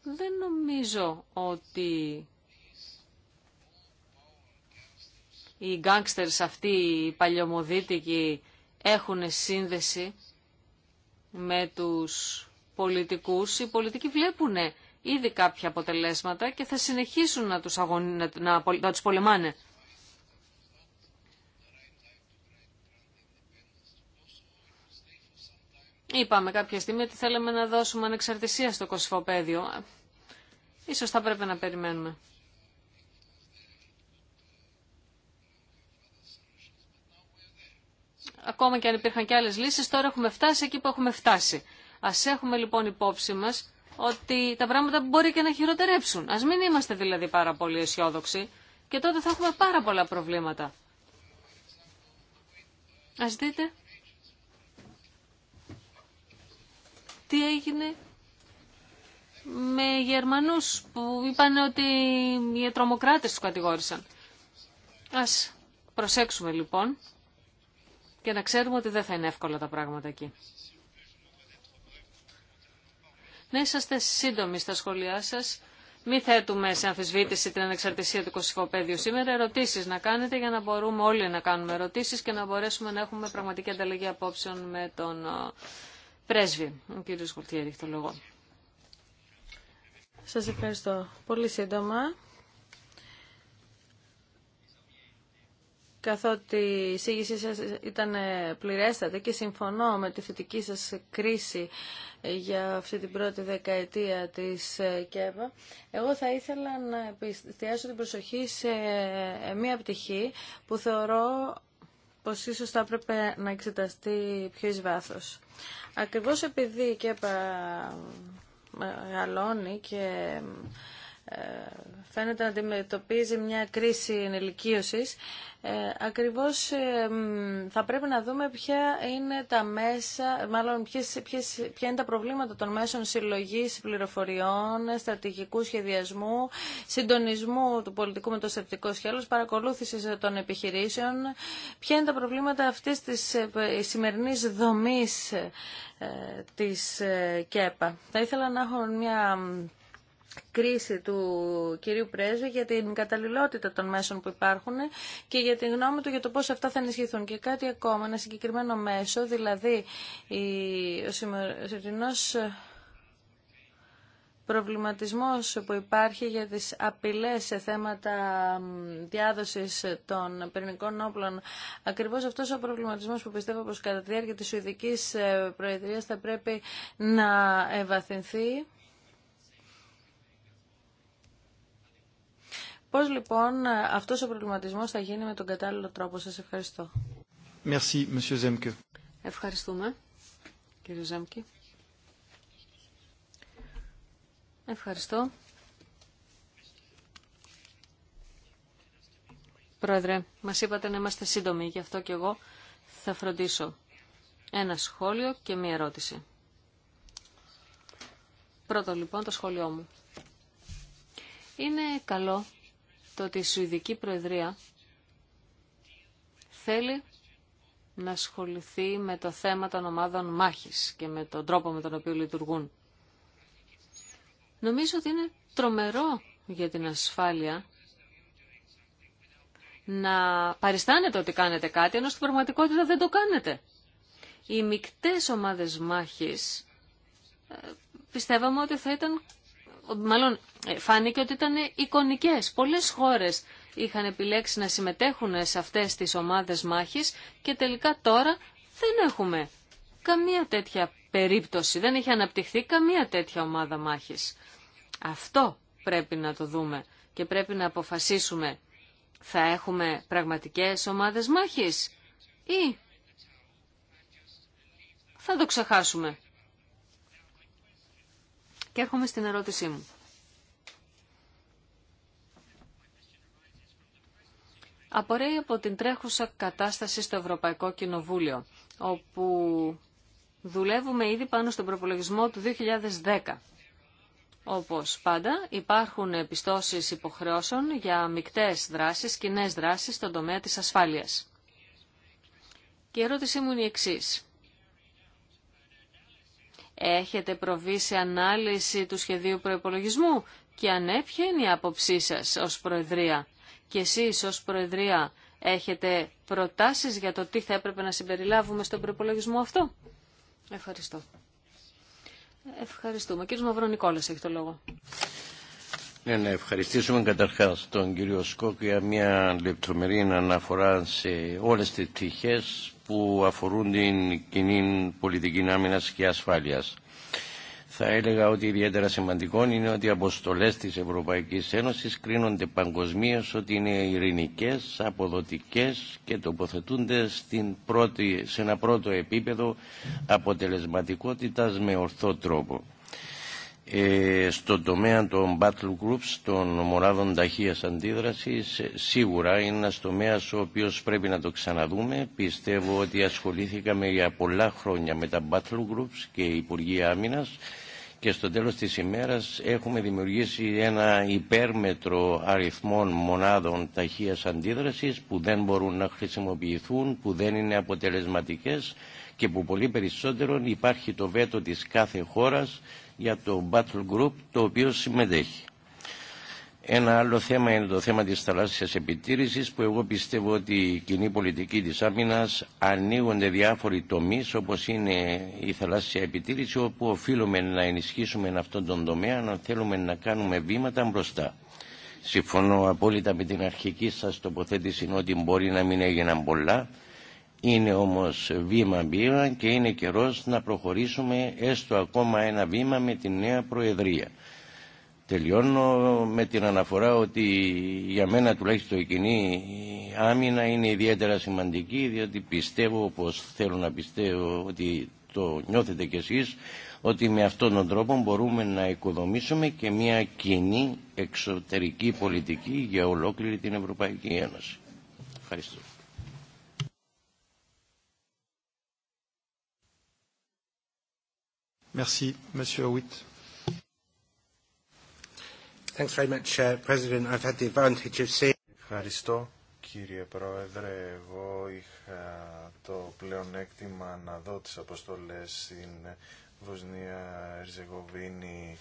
Δεν νομίζω ότι οι γκάγκστερς αυτοί, οι παλιωμοδίτικοι, έχουν σύνδεση με τους πολιτικούς. Οι πολιτικοί βλέπουν ήδη κάποια αποτελέσματα και θα συνεχίσουν να τους, αγων... να... τους πολεμάνε. Είπαμε κάποια στιγμή ότι θέλαμε να δώσουμε ανεξαρτησία στο κοσφοπέδιο. Ίσως θα πρέπει να περιμένουμε. Ακόμα και αν υπήρχαν και άλλες λύσεις, τώρα έχουμε φτάσει εκεί που έχουμε φτάσει. Ας έχουμε λοιπόν υπόψη μας ότι τα πράγματα μπορεί και να χειροτερέψουν. Ας μην είμαστε δηλαδή πάρα πολύ αισιόδοξοι και τότε θα έχουμε πάρα πολλά προβλήματα. Ας δείτε τι έγινε με Γερμανούς που είπαν ότι οι τρομοκράτες τους κατηγόρησαν. Ας προσέξουμε λοιπόν και να ξέρουμε ότι δεν θα είναι εύκολα τα πράγματα εκεί να είσαστε σύντομοι στα σχόλιά σας. Μη θέτουμε σε αμφισβήτηση την ανεξαρτησία του Κωσυφοπαίδειου σήμερα. Ερωτήσεις να κάνετε για να μπορούμε όλοι να κάνουμε ερωτήσεις και να μπορέσουμε να έχουμε πραγματική ανταλλαγή απόψεων με τον πρέσβη. Ο κύριος Γουλτιέρη, το λόγο. Σας ευχαριστώ. Πολύ σύντομα. καθότι η εισήγησή σας ήταν ε, πληρέστατη και συμφωνώ με τη θετική σας κρίση ε, για αυτή την πρώτη δεκαετία της ε, ΚΕΒΑ. Εγώ θα ήθελα να εστιάσω την προσοχή σε μία πτυχή που θεωρώ πως ίσως θα έπρεπε να εξεταστεί πιο εις βάθος. Ακριβώς επειδή η ΚΕΠΑ μεγαλώνει και ε, φαίνεται να αντιμετωπίζει μια κρίση ενηλικίωσης, ε, ακριβώς ε, θα πρέπει να δούμε ποια είναι τα μέσα, μάλλον ποια είναι τα προβλήματα των μέσων συλλογής πληροφοριών, στρατηγικού σχεδιασμού, συντονισμού του πολιτικού με το στρατηγικό σχέλος, παρακολούθησης των επιχειρήσεων, ποια είναι τα προβλήματα αυτής της σημερινής δομής της ΚΕΠΑ. Θα ήθελα να έχω μια κρίση του κυρίου Πρέζου για την καταλληλότητα των μέσων που υπάρχουν και για την γνώμη του για το πώς αυτά θα ενισχυθούν. Και κάτι ακόμα, ένα συγκεκριμένο μέσο, δηλαδή ο σημερινός προβληματισμός που υπάρχει για τις απειλές σε θέματα διάδοσης των πυρηνικών όπλων. Ακριβώς αυτός ο προβληματισμός που πιστεύω πως κατά τη διάρκεια της Σουηδικής ε, Προεδρίας θα πρέπει να ευαθυνθεί. Πώς λοιπόν ε, αυτός ο προβληματισμός θα γίνει με τον κατάλληλο τρόπο. Σας ευχαριστώ. Merci, Monsieur Ευχαριστούμε, κύριε Ζέμκη. Ευχαριστώ. Πρόεδρε, μας είπατε να είμαστε σύντομοι, γι' αυτό και εγώ θα φροντίσω ένα σχόλιο και μία ερώτηση. Πρώτο λοιπόν το σχόλιο μου. Είναι καλό το ότι η Σουηδική Προεδρία θέλει να ασχοληθεί με το θέμα των ομάδων μάχης και με τον τρόπο με τον οποίο λειτουργούν. Νομίζω ότι είναι τρομερό για την ασφάλεια να παριστάνετε ότι κάνετε κάτι, ενώ στην πραγματικότητα δεν το κάνετε. Οι μικτές ομάδες μάχης ε, πιστεύαμε ότι θα ήταν μάλλον ε, φάνηκε ότι ήταν εικονικές. Πολλές χώρες είχαν επιλέξει να συμμετέχουν σε αυτές τις ομάδες μάχης και τελικά τώρα δεν έχουμε καμία τέτοια περίπτωση, δεν έχει αναπτυχθεί καμία τέτοια ομάδα μάχης. Αυτό πρέπει να το δούμε και πρέπει να αποφασίσουμε θα έχουμε πραγματικές ομάδες μάχης ή θα το ξεχάσουμε. Και έρχομαι στην ερώτησή μου. Απορρέει από την τρέχουσα κατάσταση στο Ευρωπαϊκό Κοινοβούλιο, όπου δουλεύουμε ήδη πάνω στον προπολογισμό του 2010. Όπως πάντα υπάρχουν επιστώσεις υποχρεώσεων για μικτές δράσεις, κοινέ δράσεις στον τομέα της ασφάλειας. Και η ερώτησή μου είναι η εξής. Έχετε προβεί σε ανάλυση του σχεδίου προϋπολογισμού και αν ναι, είναι η άποψή σας ως Προεδρία. Και εσείς ως Προεδρία έχετε προτάσεις για το τι θα έπρεπε να συμπεριλάβουμε στον προϋπολογισμό αυτό. Ευχαριστώ. Ευχαριστούμε. Κύριος Μαυρονικόλας έχει το λόγο. Ναι, να ευχαριστήσουμε καταρχάς τον κύριο Σκόκ για μια λεπτομερή αναφορά σε όλες τις τυχές που αφορούν την κοινή πολιτική άμυνας και ασφάλειας. Θα έλεγα ότι ιδιαίτερα σημαντικό είναι ότι οι αποστολές της Ευρωπαϊκής Ένωσης κρίνονται παγκοσμίω ότι είναι ειρηνικές, αποδοτικές και τοποθετούνται στην πρώτη, σε ένα πρώτο επίπεδο αποτελεσματικότητας με ορθό τρόπο. Ε, στον τομέα των battle groups, των μονάδων ταχείας αντίδρασης, ε, σίγουρα είναι ένας τομέας ο οποίος πρέπει να το ξαναδούμε. Πιστεύω ότι ασχολήθηκαμε για πολλά χρόνια με τα battle groups και η Υπουργή Άμυνας και στο τέλος της ημέρας έχουμε δημιουργήσει ένα υπέρμετρο αριθμών μονάδων ταχείας αντίδρασης που δεν μπορούν να χρησιμοποιηθούν, που δεν είναι αποτελεσματικές και που πολύ περισσότερο υπάρχει το βέτο της κάθε χώρας για το Battle Group το οποίο συμμετέχει. Ένα άλλο θέμα είναι το θέμα της θαλάσσιας επιτήρησης που εγώ πιστεύω ότι η κοινή πολιτική της άμυνας ανοίγονται διάφοροι τομείς όπως είναι η θαλάσσια επιτήρηση όπου οφείλουμε να ενισχύσουμε αυτόν τον τομέα να θέλουμε να κάνουμε βήματα μπροστά. Συμφωνώ απόλυτα με την αρχική σας τοποθέτηση ότι μπορεί να μην έγιναν πολλά είναι όμως βήμα-βήμα και είναι καιρός να προχωρήσουμε έστω ακόμα ένα βήμα με τη νέα Προεδρία. Τελειώνω με την αναφορά ότι για μένα τουλάχιστον η κοινή άμυνα είναι ιδιαίτερα σημαντική διότι πιστεύω όπως θέλω να πιστεύω ότι το νιώθετε κι εσείς ότι με αυτόν τον τρόπο μπορούμε να οικοδομήσουμε και μια κοινή εξωτερική πολιτική για ολόκληρη την Ευρωπαϊκή Ένωση. Ευχαριστώ. Merci, Monsieur Witt. Thanks very much, uh, President. I've had the advantage of seeing... Ευχαριστώ, κύριε Πρόεδρε. Εγώ είχα το πλεονέκτημα να δω τις αποστολές στην Βοσνία, Ερζεγοβίνη